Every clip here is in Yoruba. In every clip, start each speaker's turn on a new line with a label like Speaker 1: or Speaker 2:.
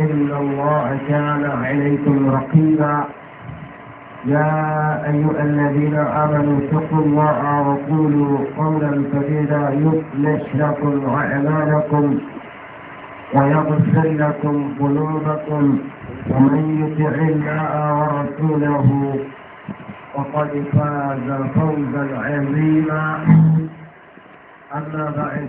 Speaker 1: إن الله كان عليكم رقيبا يا أيها الذين آمنوا اتقوا الله وقولوا قولا سديدا يصلح لكم أعمالكم ويغفر لكم قلوبكم ومن يطع الله ورسوله وقد فاز فوزا عظيما أما بعد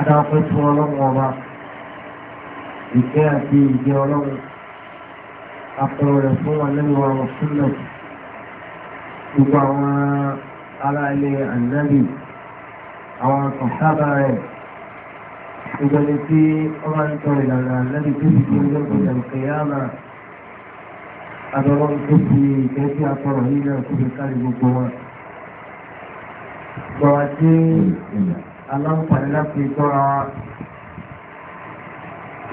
Speaker 1: adáwọ̀pẹ́ fún ọlọ́run ọba ìkẹ́ àti ìjẹ́ ọlọ́run apẹ̀rọ rẹ̀ fún ọlẹ́nu ọ̀rọ̀ sílẹ̀ gbogbo àwọn ará ilé ànábì àwọn kọ̀sábà rẹ̀ gbogbo ẹni tí ọba ń tọrọ ìlànà ànábì tó ti di ọjọ́ ìgbà ìkẹyàmà adọ́rọ́ tó fi ìkẹ́ sí apọ̀rọ̀ yìí náà tó fi kárí gbogbo wọn. Gbọ̀wá tí aláǹfààní láti gbọ́ra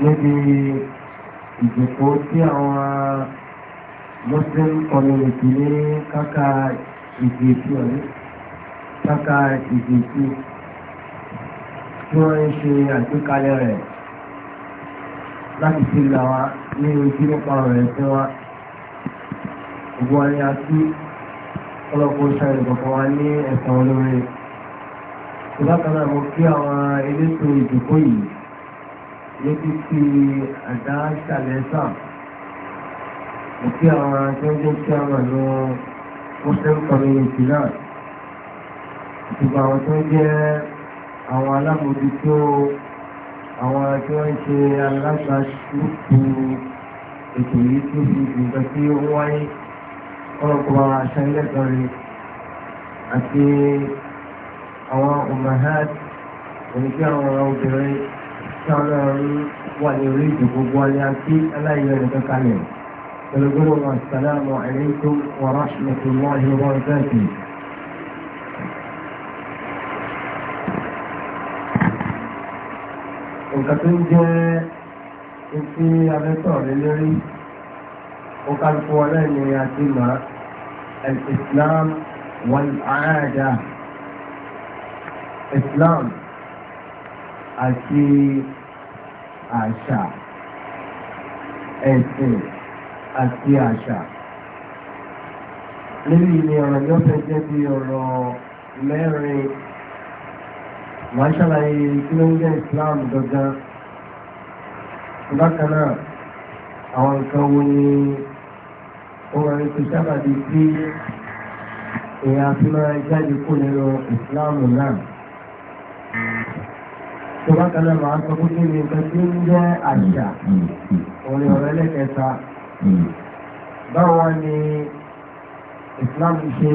Speaker 1: níbi ìjòkó tí àwọn muslim community ní káka ìgbèkú ọ̀rẹ́ káka ìgbèkú tí wọ́n ń ṣe àgbékalẹ̀ rẹ̀ láti fi là wá ní ojú nípa rẹ̀ tí wá gbogbo ayé àti ọlọ́pọ̀ ìṣàlẹ̀ kọ̀ọ̀kan wá ní ẹ̀sán olóore ìbákan náà mo kí àwọn elétò ìdìbò yìí níbi tí àdá ṣàlẹ́sà mo kí àwọn akẹ́kọ̀ọ́ tí a wà lọ muslim community náà ìgbà àwọn tó jẹ́ àwọn alábòójútó àwọn tí wọ́n ń ṣe alágbàṣúkú ètò yìí tó fi nǹkan tí ó wáyé ọlọ́pàá aṣáyẹ́lẹ́gbẹ̀rin àti àwọn umahat oníkí àwọn obìnrin tí wọn náà ń wà ní orí ìdè gbogbo ayé àti aláìyẹ nìkan kalẹ̀ pẹ̀lú gbogbo wọn sàlámù alaykum wa rahmatullahi wa barakatuh. nǹkan tó ń jẹ́ etí abẹ́tọ̀ lórí ó kálukú ọlẹ́ni àti màá al-Islam wal-aada. Islam àti àṣà ẹ̀sìn àti àṣà lórí ni ọ̀rọ̀ yóò fẹ́ jẹ́ bí ọ̀rọ̀ mẹ́rin wọ́n ṣàlàyé kí ló ń jẹ́ Islam gangan bákan náà àwọn nǹkan wo ni òun àti sábàbí tí èèyàn fi máa jáde kó nínú Islam náà tọba kan náà máa ń sọ fún mi nǹkan tí ń jẹ́ àṣà òun ni ọ̀rọ̀ báwo ni Islam ṣe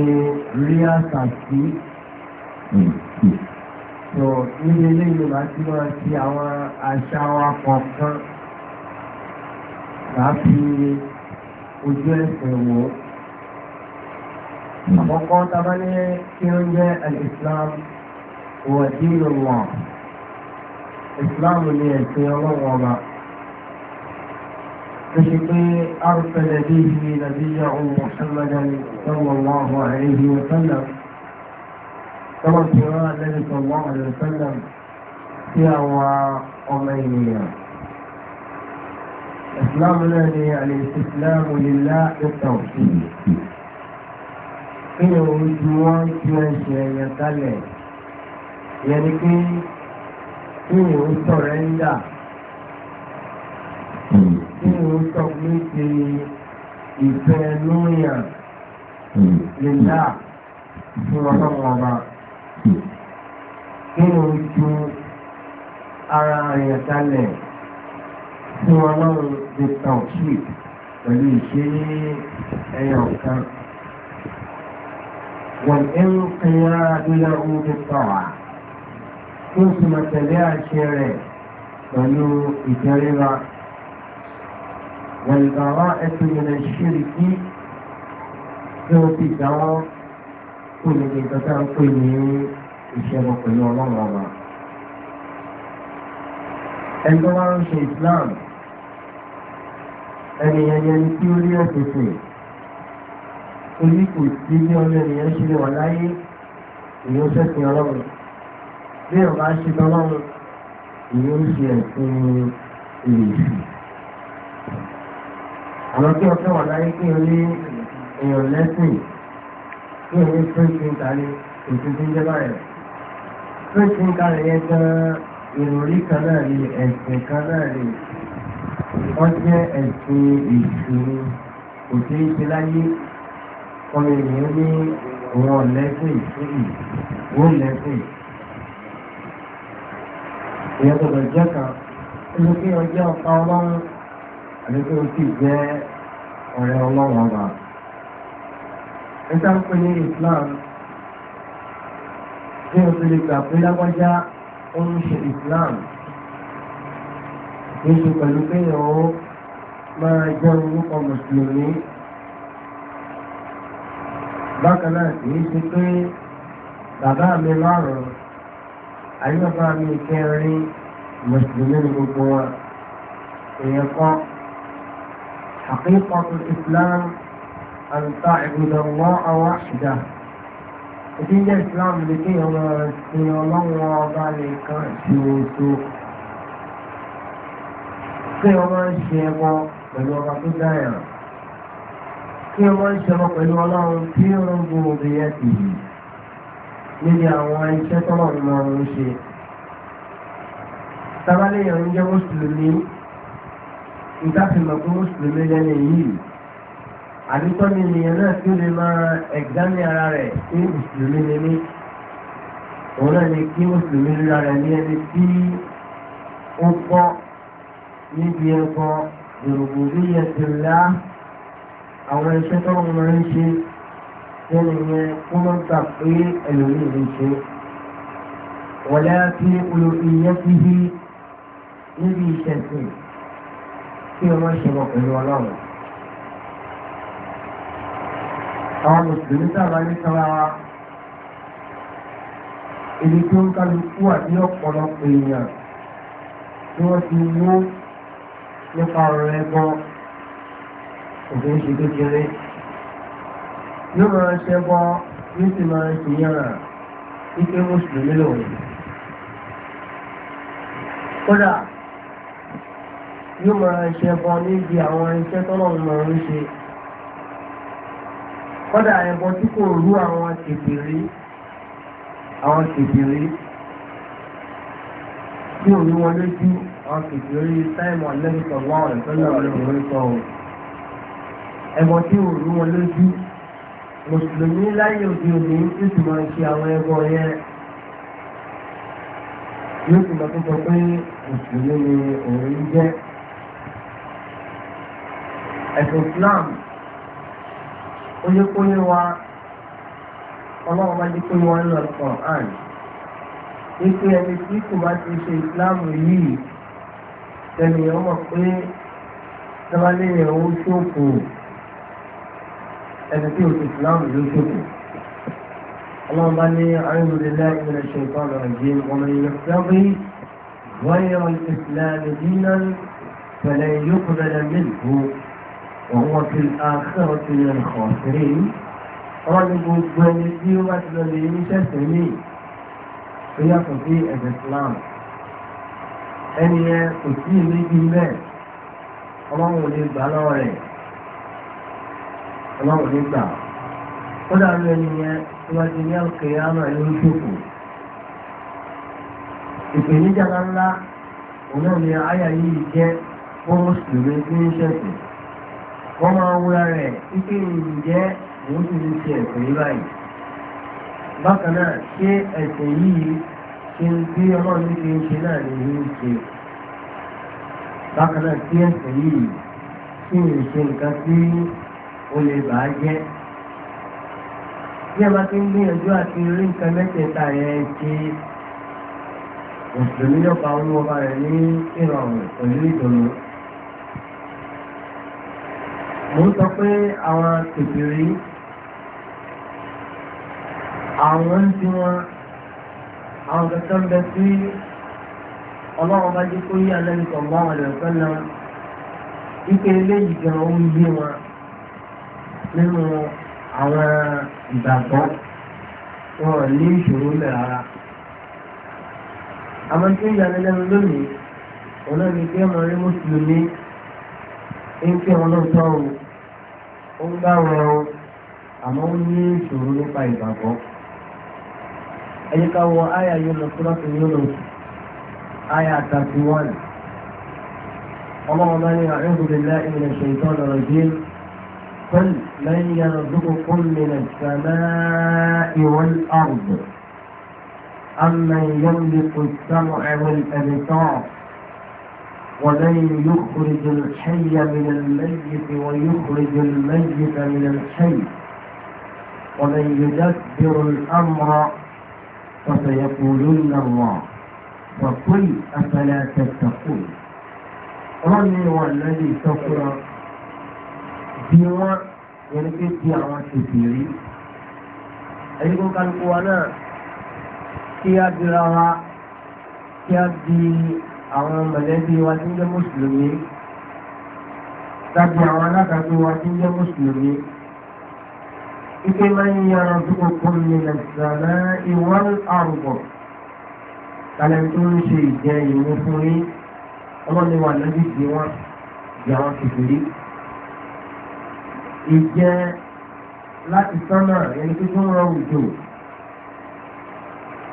Speaker 1: rí àṣà sí tó níbi eléyìí máa ti máa ti àwọn àṣà wa kọ̀ọ̀kan máa fi ojú ẹsẹ̀ wò àkọ́kọ́ tábà kí ó jẹ́ islam wa dinu ìsìláàmù ni ẹ̀sìn ọlọ́wọ́ ọba tó ṣe pé arúfẹ́lẹ̀ bí i nàbíyà ohun mọ̀sánmọ́dá ni sallallahu alaihi wa sallam tọ́wọ́ tí wọ́n rán lẹ́nu sallallahu alaihi wa sallam sí àwọn ọmọ ènìyàn ìsìláàmù kí ni òun ti wọ́n ti ẹ̀ṣẹ̀ ẹ̀yàn kalẹ̀ yẹn ni pé kí ni ó sọ̀rẹ́ńdà hmm. kí ni ó sọ pé ṣe ìfẹ́ lóyàn hmm. lè dá fún ọlọ́run ọba hmm. kí ni ó ju ara rẹ̀ kalẹ̀ fún ọlọ́run lè tàn kí pẹ̀lú ìṣe ní ẹyọ kan wọ̀n ẹ̀rù kẹyà lóyún ọdún tọ̀wá tí ó fi mọ̀ tẹ̀lé àṣẹ rẹ̀ pẹ̀lú ìtẹríba wẹ̀lbàwá ẹtùmìnà ṣírí kí tí ó fi dáwọ́ kó lè ní ìtọ́ta ń pè ní ìṣẹ́gun pẹ̀lú ọlọ́run ọba. ẹgbẹ́ wa ń ṣe Islam ẹnìyẹn yẹn tí ó rí ẹ̀sẹ̀sẹ̀ torí kò ní ọlọ́run yẹn ṣe wà láyé ìyóṣẹ́sìn ọlọ́run bí ọ̀rọ̀ aṣe tọ́lọ́run ìyó ń ṣe ẹ̀sìn ìrèsì àwọn tí ọkẹ́ wà láyé kí o ní èèyàn lẹ́sìn kí o ní free thinker ní òtún tí ń jẹ́ báyẹn free thinker yẹn gan-an ìròrí kan náà ni ẹ̀sìn kan náà ni wọ́n ẹ̀sìn ìṣòro kò láyé ọmọ ènìyàn ní òun ọ̀lẹ́sìn ìṣòro òun lẹ́sìn ìṣòro ìyẹn tó lọ jẹ́ kan inú kí ọjọ́ ọ̀pá ọlọ́run àti kí o sì jẹ́ ọ̀rẹ́ ọlọ́run ọba. Ẹ̀sán pé ní Islam bí o ti lè gbà pé lágbájá ó ń ṣe Islam kì í ṣe pẹ̀lú kéèyàn ó máa jẹ́ orúkọ mùsùlùmí. Bákan náà kì í ṣe pé bàbá mi márùn àyùbá mi kẹrin mùsùlùmí ni gbogbo wa èèyàn kọ́ حقيقة الإسلام أن تعبد الله وحده ìdílé islam lè kí ọmọ sí ọlọ́run ọba lè kan ṣòro kí ọmọ ń ṣe ẹbọ pẹ̀lú ọba tó dáyà kí ọmọ ń ṣe ẹbọ pẹ̀lú ọlọ́run tí ó ń gbòòrò yẹn tì níbi àwọn iṣẹ́ tọ́lọ̀ ní wọn ń ṣe tábàlẹ́yàn ń jẹ́ mùsùlùmí ìtàfimọ̀ pé mùsùlùmí lẹ́nu yìí àdúgbò ní ènìyàn náà tí ó lè máa ẹ̀gbámi ara rẹ̀ sí mùsùlùmí ni mí òun náà ni kí mùsùlùmí ríra rẹ̀ ní ẹni tí ó gbọ́ níbi ẹ̀kọ́ yorùbá bí yẹn ti lá àwọn iṣẹ́ tọ́lọ̀ ní wọn ń ṣe kẹ́ni yẹn kó má gbà pé ẹlòmíì lè ṣe wọ̀lá fi olùfìyẹ́ ti hí níbi ìṣẹ̀sìn kí ọmọ ṣẹlẹ̀ pẹ̀lú ọlọ́run. àwọn mùsùlùmí sábà ní sára wa èyí tó ń kálukú àti ọ̀pọ̀lọpọ̀ èèyàn tí wọ́n ti mú nípa ọ̀rọ̀ ẹ̀gbọ́n òfin ṣe kékeré yóò máa ṣẹbọ yóò sì máa ṣèyànà wípé mùsùlùmí lòun. kódà yóò máa ṣẹbọ níbi àwọn iṣẹ́ tọ́lọ́run máa ń ṣe. kódà ẹbọ tí kò rú àwọn kèbèrè àwọn kèbèrè tí ò ní wọn lójú àwọn kèbèrè táìmù àlẹ́bùsọ̀ wà ọ̀rẹ́ tó lọ́wọ́ lórí sọ̀rọ̀ ẹbọ tí ò rú wọn lójú mùsùlùmí láyé òde òní tí sì máa ṣe àwọn ẹbọ yẹn yóò sì máa tó sọ pé mùsùlùmí ni òun jẹ́ ẹ̀sìn Islam ó yẹ kó yé wa ọlọ́run bá jẹ́ pé wọ́n ń lọ Quran wípé ẹni tí kò bá ti ṣe Islam yìí tẹ̀lé ọmọ pé tọ́lá lè yẹ̀ owó ẹni tí òsì islam ló ṣòfò ọlọ́run bá ní a'udhu billahi minash shaytanir rajim wa man yabtaghi ghayra al-islam dinan falan yuqbala minhu wa huwa fil akhirati minal khasirin ọ̀rọ̀ ní gbogbo ẹni tí ọlọ́run ò lè gbà lọ́wọ́ ọlọ́run nígbà kódà ló ẹni yẹn tí wọ́n ti ní ọ̀kẹ́ àmọ́ ẹni ń ṣòfò ìpèníjà ńláńlá òun náà ni àyà yìí jẹ́ fún mùsùlùmí tí ń ṣẹ̀sìn wọ́n máa ń wúra rẹ̀ wípé ìjẹ́ òun ti ti ṣe ẹ̀sìn yìí báyìí bákan náà ṣé ẹ̀sìn yìí ṣe ń bí ọlọ́run ní kí n ṣe náà ní ìlú ṣe bákan náà ṣé ẹ̀sìn yìí ṣì ń ṣe nǹkan sí ó lè bàá jẹ́ bí a bá ti ń gbìyànjú àti rí nǹkan mẹ́tẹ̀ẹ̀ta yẹn ṣe òṣèlú yọpa olúwọba rẹ̀ ní ìrọ̀rùn pẹ̀lú ìdùnnú. mo ń sọ pé àwọn kèfèrí àwọn tí wọn àwọn kankan bẹ sí ọlọ́run bá jẹ́ kó yí alẹ́ nìkan mọ́ àwọn ẹ̀rọ kan náà wípé eléyìí gan-an ń yé wọn. nínú àwọn ìgbàgbọ́ wọn ní ìṣòro lẹ̀ rárá. àwọn tí ń yanu lẹ́nu lónìí òun náà ní ọmọ rí mùsùlùmí ń wọn ó ń bá wọn o àmọ́ ó ní ìṣòro nípa ìgbàgbọ́. ẹ̀yẹ ká wọ àyà lọ sí lọ́sùn lọ àyà bá قل من يرزقكم من السماء والأرض أمن يملك السمع والأبصار ومن يخرج الحي من الميت ويخرج الميت من الحي ومن يدبر الأمر فسيقولن الله فقل أفلا تتقون رمي والذي سفر bí wọ́n yẹni pé bí àwọn ṣèṣì rí ẹni kó kálukú wa náà kí á dira wa kí á di àwọn mọ̀lẹ́bí wa tí ń jẹ́ mùsùlùmí tàbí àwọn alákàtí wa tí ń jẹ́ mùsùlùmí ike máa ń yára dúkọ̀ kún mi lẹ́sàlẹ̀ ìwọ́n àrùbọ̀ kálẹ̀ tó ń ṣe ìjẹ ìmú fún yín ọlọ́ni wà lẹ́bí tí wọ́n jẹ́ ìjẹ láti sánmà ẹni tó tó ń rọ òjò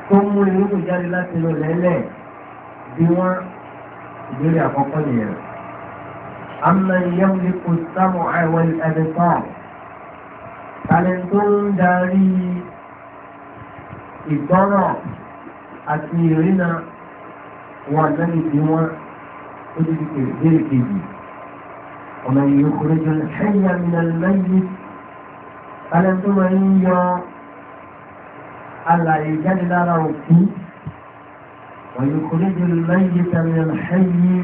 Speaker 1: tó mú irúgbìn jáde láti inú lẹ́lẹ̀ bí wọ́n ìbéèrè àkọ́kọ́ nìyẹn. àmọ́ ìyẹ́wùlé kò sámù àìwọ̀ ẹ̀mí tán tàlẹ́ tó ń darí ìgbọ́rọ̀ àti ìrìnà wọn àgbẹ̀mí bí wọ́n ó ti di ìbéèrè kejì. ومن يخرج الحي من الميت ألم تمن يا ألا يجد له ويخرج الميت من الحي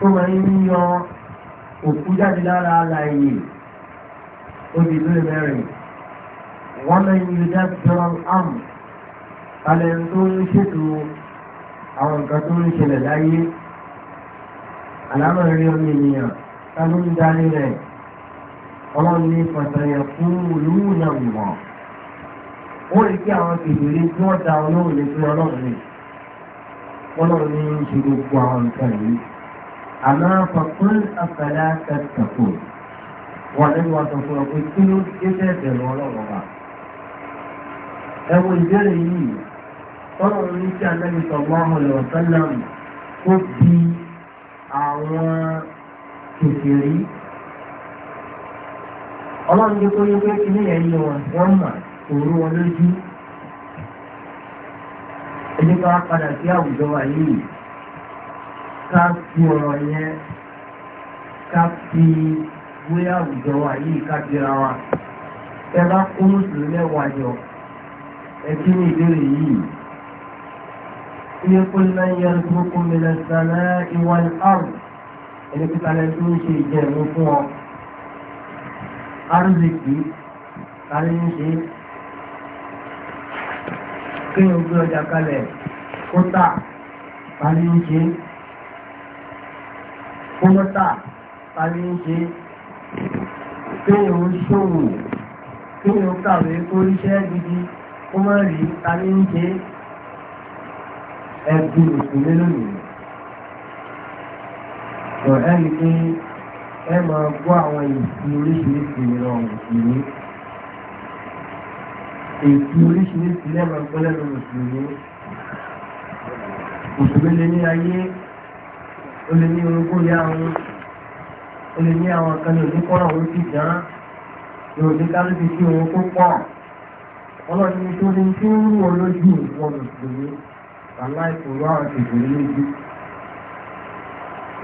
Speaker 1: تمن يا وكجد له عليه وبدون مريم ومن يدبر الأمر ألم تنشد أو أن تنشد الأيه àlámọ̀ rí omi ènìyàn tánú ń dání rẹ̀ ọlọ́run ní pàtàkì fún olúwù náà wọ̀ ó rí kí àwọn kèbèrè tí wọ́n ta ọlọ́run ní fún ọlọ́run ní ọlọ́run ní ń ṣe gbogbo àwọn nǹkan yìí àmọ́ fàkún àfàlà tẹ̀sítàkù sọ mọ́ ọ̀hún lọ́sẹ̀ náà ó bí àwọn kèfèrí ọlọ́run jẹ́ kó yẹ pé kí ní ẹ̀yìn wọn wọ́n mà òru wọn lójú ẹni ká padà sí àwùjọ wa yìí ká fi ọ̀rọ̀ yẹn ká fi wé àwùjọ wa yìí ká bíra wa ẹ bá kó mùsùlùmí ẹwà jọ ẹ kí ní ìbéèrè yìí. لكل من يرزقكم من السماء والأرض ẹni pípa lẹ́nu tó ń ṣe ìjẹ̀mú fún ọ arzikì kárí ń ṣe kí o gbé ọjà kalẹ̀ kótà kárí ń ṣe kótà kárí ń ṣe kí o ṣòwò kí o kàwé kó iṣẹ́ gidi kó mọ̀ rí kárí ń ṣe ẹbí mùsùlùmí lónìí sọ ẹni pé ẹ máa gbọ́ àwọn èsì oríṣiríṣi ìran mùsùlùmí èsì oríṣiríṣi lẹ́mọ̀ gbọ́lẹ́nu mùsùlùmí mùsùlùmí lè ní ayé ó lè ní orúkọ yá òun ó lè ní àwọn kan ní oníkọ́rọ̀ òun ti dán ní oníkálùbí tí òun kó pọ̀ ọlọ́run ní tó ní tí ó ń rú ọ lójú ìwọ mùsùlùmí aláìkòrò àwọn ìgbèrè lójú.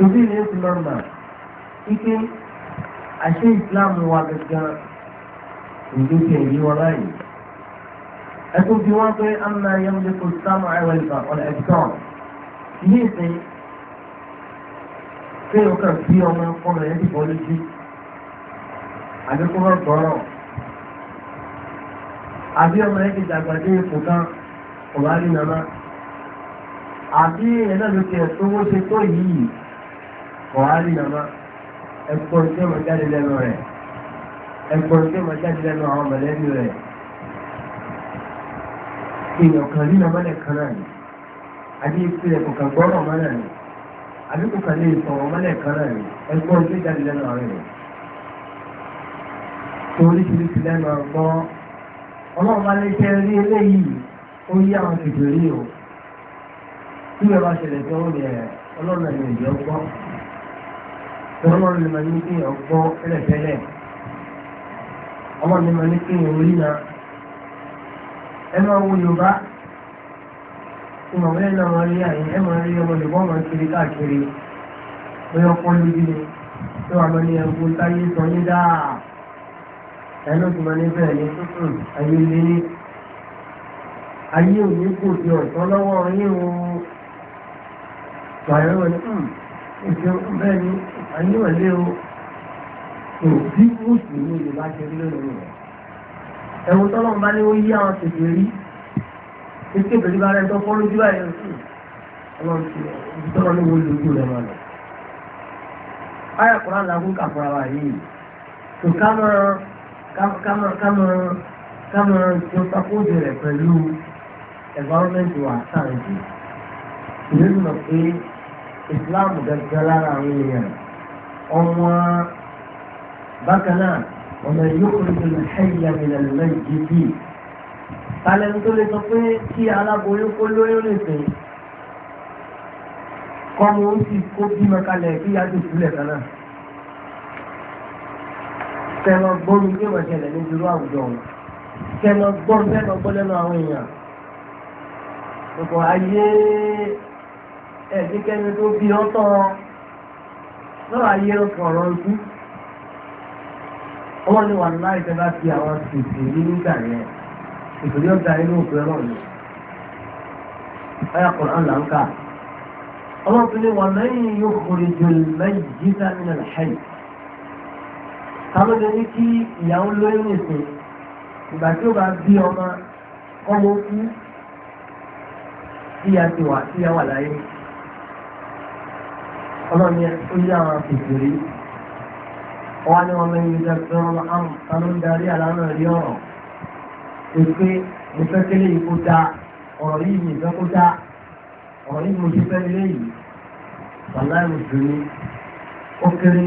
Speaker 1: Ojú ilé ti lọ mà ike àṣẹ ìsìláàmù wa gangan ìlú ti èyí wọn láàyè. Ẹkún bí wọ́n pé àmà yẹ́mùlẹ́kọ̀ sáàmù àìwọ̀ ìgbà ọ̀nà ẹ̀tọ́. Ní ìsìn pé o kàn bí ọmọ ọmọ yẹn ti bọ́ lójú. Àdékùnrin gbọ́rọ̀. Àbí ọmọ yẹn ti dàgbà dé ipò kan, ọ̀bá rí nàmá àbí ẹ̀nà ló ti ẹ̀sùn owó ṣe tó yìí kọ̀hálì ọmọ ẹ̀pọ̀ tí ó mọ̀ jáde lẹ́nu rẹ̀ ẹ̀pọ̀ tí ó mọ̀ jáde lẹ́nu àwọn mọ̀lẹ́bí rẹ̀ èèyàn kan nínú ọmọlẹ̀ kan náà ni àbí ìpìlẹ̀ kò kàn gbọ́rọ̀ ọmọ náà ni àbí kò kàn lè sọ̀rọ̀ ọmọlẹ̀ kan náà ni ẹ̀pọ̀ tí ó jáde lẹ́nu àwọn rẹ̀ torí ti lẹ́nu ọgbọ́n ọlọ́run bá lè rí eléyìí ó yí àwọn kìtìrí o tí ìyẹn bá ṣẹlẹ̀ tí wọ́n yẹ ọlọ́run ẹ̀mí ìdí ọgbọ́ ọlọ́run ẹ̀mí kí ìyẹn ọgbọ́ ẹlẹ́fẹ́lẹ́ ọlọ́run ẹ̀mí kí ìyẹn orí na ẹ máa wo yorùbá tí màmá ẹ̀ náà máa rí àyè ẹ máa rí ọmọ yorùbá máa kiri káàkiri bóyá ọkọ lójú ni tí wàá máa ní ẹgbẹ́ táyé sọ ní dáa ẹ̀ ló ti ní bẹ́ẹ̀ ní tuntun ayé lé ayé òní kò di ọ̀tọ́ lọ́wọ́ yín o wàyẹ̀ wọn ni hmm, ìṣẹ́ bẹ́ẹ̀ ni àníwẹ̀lẹ́ o kò bí mùsùlùmí lè bá ṣe rí lónìí rẹ̀ ẹ̀wọ̀n tọ́lọ́ bá ní ó yí àwọn tètè rí tètè pẹ̀lú bá rẹ̀ tó fọ́ lójú báyìí hmm, ọlọ́run ti tọ́lọ́ ní wo lójú rẹ̀ máa lọ. ayọ̀ kúrò àlàkùn kàfọ́ra yìí tó ká tó takóde environment wa sáà ń jì ìlú islam gẹ́gẹ́ lára àwọn èèyàn ọmọ bákan náà ọmọ yókùnrin ló ṣẹ́yà mílẹ̀ lọ́yìn jíjí talẹ́nu tó lè sọ pé kí aláboyún kó lóyún lè sìn kọ́mọ ó sì kó bímọ kalẹ̀ kí yájú ìpínlẹ̀ kan náà tẹmọ gbọ́nù pé wọ́n ṣẹlẹ̀ ní irú àwùjọ wọn tẹmọ gbọ́nù tẹmọ gbọ́nù lẹ́nu àwọn èèyàn ọkọ̀ ayé ẹ̀ẹ́dẹ́kẹ́ni tó bí ọ́tọ́ lọ́wọ́ ayé ọkọ̀ ọ̀rọ̀ ikú wọ́n ní wà láì tẹ́ bá fi àwọn tètè ní nígbà yẹn ìtòlí ọ̀gá inú òkú ẹ̀rọ ni ayé àkọ́rọ̀ àlà ń kà ọlọ́run tó ní wà lẹ́yìn yóò kórè jù lẹ́yìn jíjá nínú ẹ̀hẹ́yì kálọ́dé ní kí ìyàwó lóyún nìsín ìgbà tí ó bá bí ọmọ ọmọ òkú tí ti wà tí a láyé ọlọ́run yẹn tó yá àwọn kékeré wọn ni wọn mẹ́rin ìjọ tó ń hàn tánú ń darí àlànà rí ọ̀rọ̀ pé mo fẹ́ kélé yìí kó dáa ọ̀rọ̀ yìí mi fẹ́ kó dáa ọ̀rọ̀ yìí mo ti fẹ́ lé yìí bàbá ìmùsùlùmí ó kéré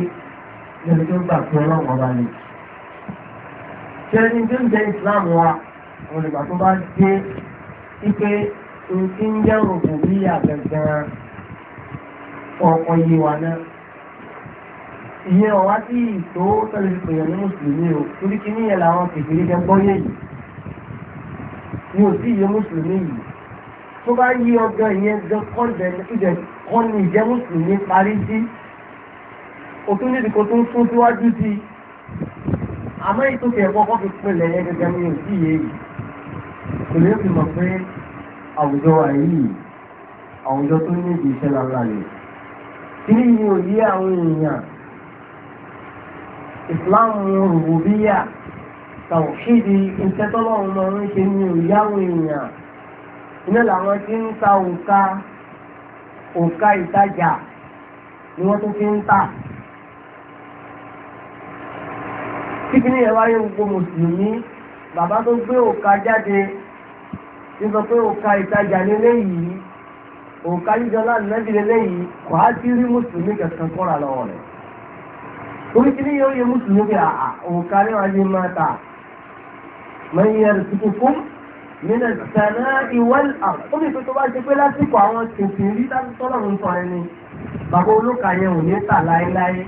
Speaker 1: lẹ́nu tó gbà pé ọlọ́run ọba ni. ṣé ní bí ń jẹ́ ìsìláàmù wa òun ìgbà tó bá dé wípé nǹkan ń jẹ́ òògùn bí àgbẹ̀gbẹ̀rẹ̀ ọmọ yìí wà náà ìyẹn ọ̀wá sí ìtò tọ́lẹ̀ pèèyàn ní mùsùlùmí o torí kí níyẹn làwọn kèfèrè jẹ gbọ́yé yìí ni ò sí iye mùsùlùmí yìí tó bá yí ọjọ́ ìyẹn gan kọ́ndẹ̀ ìdẹ̀ kọ́ ni ìjẹ́ mùsùlùmí parí sí òtún níbi kò tó ń tún síwájú sí àmọ́ ìtòkè ẹ̀kọ́ kọ́ fi pinlẹ̀ yẹn gẹ́gẹ́ ní òsì iye yìí kò lè fi mọ̀ pé àwùjọ àyè yìí àwùjọ tó ní ìdí lára rẹ̀ kí ni òye àwọn èèyàn ìsìláàmù rùbíyà tàwùkìdì ìtẹ́tọ́lọ́run máa ń ṣe ní òye àwọn èèyàn iná làwọn tí ń ta òǹkà òǹkà ìtajà ni wọ́n tún fi ń tà. kíkiri ẹ̀ wáyé gbogbo mùsùlùmí bàbá tó gbé òǹkà jáde ń sọ pé òǹkà ìtajà lélẹ́yìí òǹkà yíjọlá nẹ́bí lélẹ́yìí kò á ti rí mùsùlùmí kankan kọ́ra lọ́wọ́ rẹ̀ orí kí ni yóò yẹ mùsùlùmí bí àà òǹkà ní wàá yé máa ta máa yẹ ẹ̀rùsùkú fún nínú sànà ìwẹ́l àkómi tó tó bá ṣe pé lásìkò àwọn tòfin rí tọ́lọ̀ ń sọ ẹni bàbá olóka yẹn ò ní tà láéláé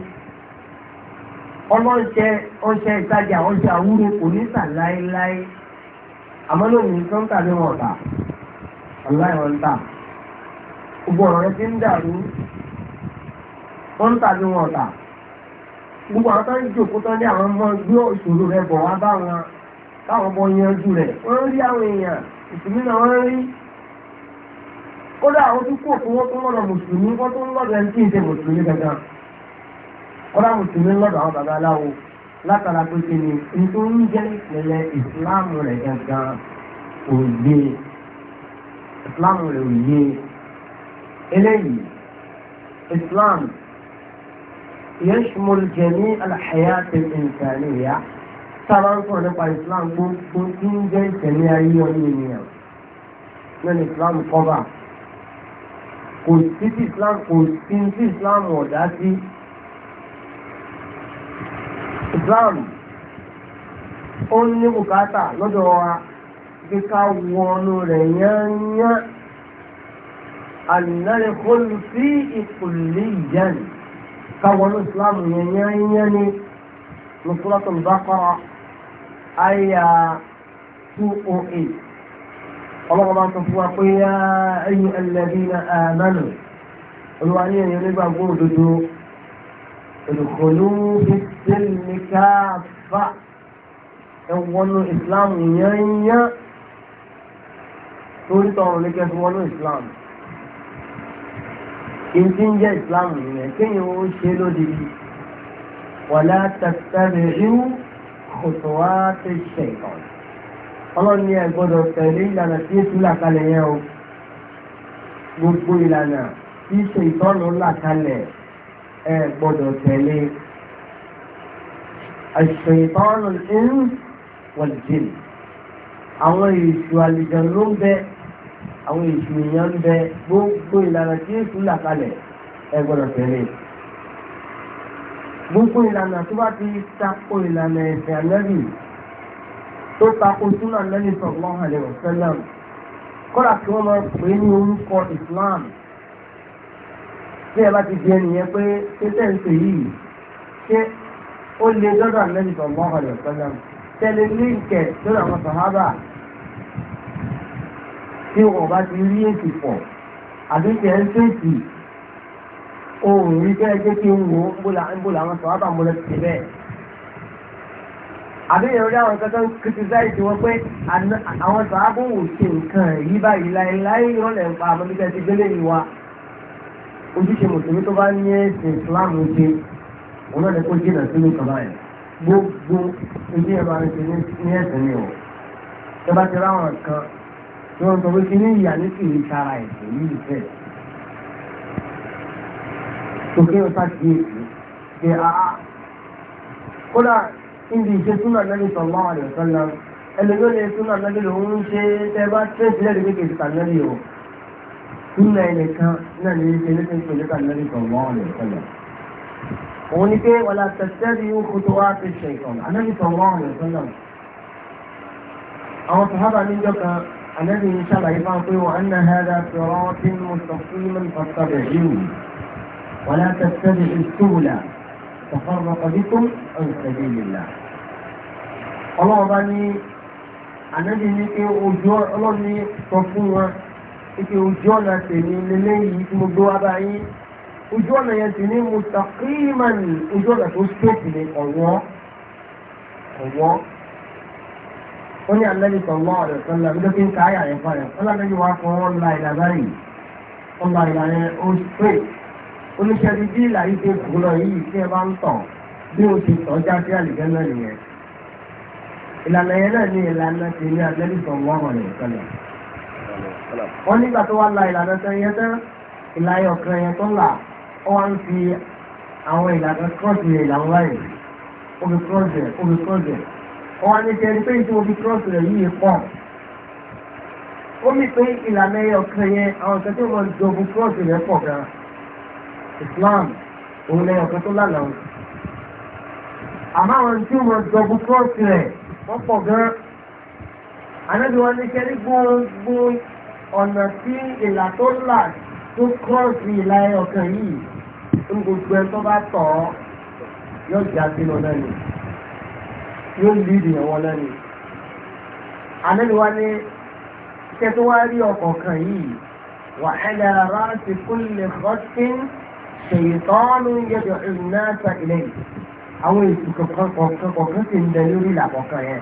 Speaker 1: ọlọ́ọ̀ṣẹ́ ọṣẹ ìtajà ọṣẹ àwúrò kò ní tà láéláé àmọ́ lónìí tó ń tà ní wọn ń tà gbogbo ọ̀rọ̀ rẹ ti ń dàrú wọ́n ń tàbí wọn ọ̀tà gbogbo àwọn tó ń jòkó tán ní àwọn ọmọ gbé ìṣòro rẹ bọ̀ wá bá wọn káwọn ọmọ yanjú rẹ wọ́n rí àwọn èèyàn ìsinmi náà wọ́n rí kódà àwọn tó kú òfin wọ́n tó ń lọ́dọ̀ mùsùlùmí wọ́n tó ń lọ́dọ̀ ẹni tí ń ṣe mùsùlùmí gangan kódà mùsùlùmí ń lọ́dọ̀ àwọn bàbá aláwo látara tó ṣe ni nítorí jẹ́ ìpìlẹ̀ ìsìláàmù rẹ̀ gangan òye ìsìláàmù rẹ̀ òye eléyìí islam yẹ́ṣùmọ̀lù jẹ̀mí àlàyé ìsàníyà sábà ń sọ̀rọ̀ nípa islam gbogbo tí ń jẹ́ ìtẹ̀lé ayé ọ̀nà ènìyàn lẹ́nu islam kọ́bà kò sí tí islam kò sí tí islam ọ̀dá sí islam ó ní bùkátà lọ́dọ̀ wa bí ká wọnú rẹ̀ yán yán ànàlẹ́kọ́lù sí ìkùlé ìyáni káwọn ìsìláàmù yẹn yẹn ní nusratul baqara àyà 208 ọlọ́run bá sọ fún wa pé yá ẹ̀yin alladhina amanu olùwà ní ẹ̀yìn onígbàgbọ́ òdodo ìdùkọ̀lù fìtìlì káfà ẹ̀wọ̀nù ìsìláàmù yẹn yẹn torí tọrọ ní kẹfì wọnú ìsìláàmù ìdí ń jẹ́ islam nìyẹn kéèyàn ó ṣe lódìdí wàlá tattabi'u khutuwati shaytan ọlọ́run ní ẹ gbọ́dọ̀ tẹ̀lé ìlànà tí èsù là kalẹ̀ yẹn o gbogbo ìlànà tí ṣe ìtọ́nù là kalẹ̀ tẹ̀lé ash-shaytanul ins wal àwọn ìṣù àlìjàn ló ń bẹ́ẹ̀ àwọn èsì èèyàn ń bẹ gbogbo ìlànà tí èsì là kalẹ̀ ẹ gbọ́dọ̀ tẹ̀lé gbogbo ìlànà tó bá ti tako ìlànà ẹ̀sìn ànábì tó tako súnà ànábì sallallahu alaihi wasallam kọ́dà kí wọ́n máa pè é ní orúkọ Islam tí ẹ bá ti di ẹnìyẹn pé ṣé tẹ̀sí yìí ṣé ó lè dọ́dọ̀ ànábì sallallahu alaihi wasallam tẹ̀lé ní ìkẹ̀ lọ́dọ̀ àwọn sàhábà tí wọ́n bá ti rí èsì pọ̀ àbí tẹ̀ ń fèsì ohun rí kẹ́ ẹgbẹ́ tí ń wo ńbọ̀lá àwọn sọ̀rọ̀ àbá mọ́lẹ̀ tẹ̀ bẹ́ẹ̀. àbí ìrìn orí àwọn kankan kìtìsáìtì wọn pé àwọn sọ̀rọ̀ àbò wò ṣe nǹkan yìí báyìí láéláé ìrọ̀lẹ́ ń pa àmọ́ bíbẹ́ ti gbélé yìí wa ojúṣe mùsùlùmí tó bá ní ẹ̀sìn Islam ṣe òun náà ní kó jìnnà sínú kaba yẹn gbogbo ilé ẹ̀rọ àrùn ti ní ẹ̀sìn ni ọ̀ tí wọ́n sọ pé kí ní ìyà ní kìí tara ẹ̀sìn yìí ìfẹ́ tó kí wọ́n sàkíyèsí pé àá ah, ah. kódà níbi ìṣe súnà lẹ́yìn sọ̀lá àwọn ẹ̀sán náà ẹlẹ́gbẹ́ lè súnà lẹ́yìn lòun ń ṣe tẹ́ bá tẹ́sí lẹ́yìn pé kìí tàn lẹ́yìn o súnà ẹnìkan náà ní ṣe lẹ́yìn pé kìí tàn lẹ́yìn sọ̀lá àwọn ẹ̀sán náà òun ni pé wọ́n la ń kó wá ti ṣe ìkànnì alẹ́ ní sọ̀rọ̀ àwọn ẹ̀sán náà àwọn sàhábà níjọ́ kan الذي شرع باطل أن هذا صراط مستقيما فاتبعوه ولا تتبعوا السبل تفرق بكم عن سبيل الله الله بني ànábì ní pé ojú ọlọ́run ní sọ fún wọn pé ojú ọ̀nà tèmi lélẹ́yìí tí mo gbé wá bá yín ojú ọ̀nà yẹn ti ní mustaqiman ojú ọ̀nà tó ṣèkì ní ọ̀wọ́n ọ̀wọ́n ó ní ànábì sallallahu alaihi wasallam bí ló fi ń ka àyà yẹn fún ẹ̀ ó lànà yìí wá fún wọn la ìlà báyìí wọn la ìlà yẹn ó pè oníṣẹ́ni bí ìlà yìí ṣe kú lọ yìí tí ẹ bá ń tàn bí o ti tàn já sí àlùfẹ́ náà nìyẹn ìlànà yẹn náà ní ìlànà ti ní ànábì sallallahu alaihi wasallam wọ́n nígbà tó wá la ìlànà tán yẹn tán ìlànà ọ̀kan yẹn tó wọ́n ní jẹ́ pé tí mo fi trọ́ọ̀sì rẹ̀ yìí pọ̀ ó mì pé ìlànà ẹyọ kan yẹn àwọn ìṣẹ́ tí mo jogún trọ́ọ̀sì rẹ̀ pọ̀ gan Islam òun lẹ́yọ kan tó lálàá o àmọ́ àwọn tí mo jogún trọ́ọ̀sì rẹ̀ wọ́n pọ̀ gan anábì wọn ní jẹ́ ní gbogbo ọ̀nà tí ìlà tó là tó trọ́ọ̀sì ìlà ẹyọ kan yìí ń gbogbo ẹ tó bá tọ̀ ọ́ yóò jẹ́ àti lọ náà yóò lídì ẹ̀wọ̀n lẹ́nu àmẹ́lùwá ní iṣẹ́ tó wá rí ọkọ̀ kan yìí wà ẹ̀lẹ́ ara ti kúnlẹ̀ fọ́tín ṣèyítọ́nù yẹ̀dọ̀ ìrìnàṣà ilẹ̀ àwọn èsì kọ̀ọ̀kan kọ̀ọ̀kan sì ń bẹ lórí ìlà kọ̀ọ̀kan yẹn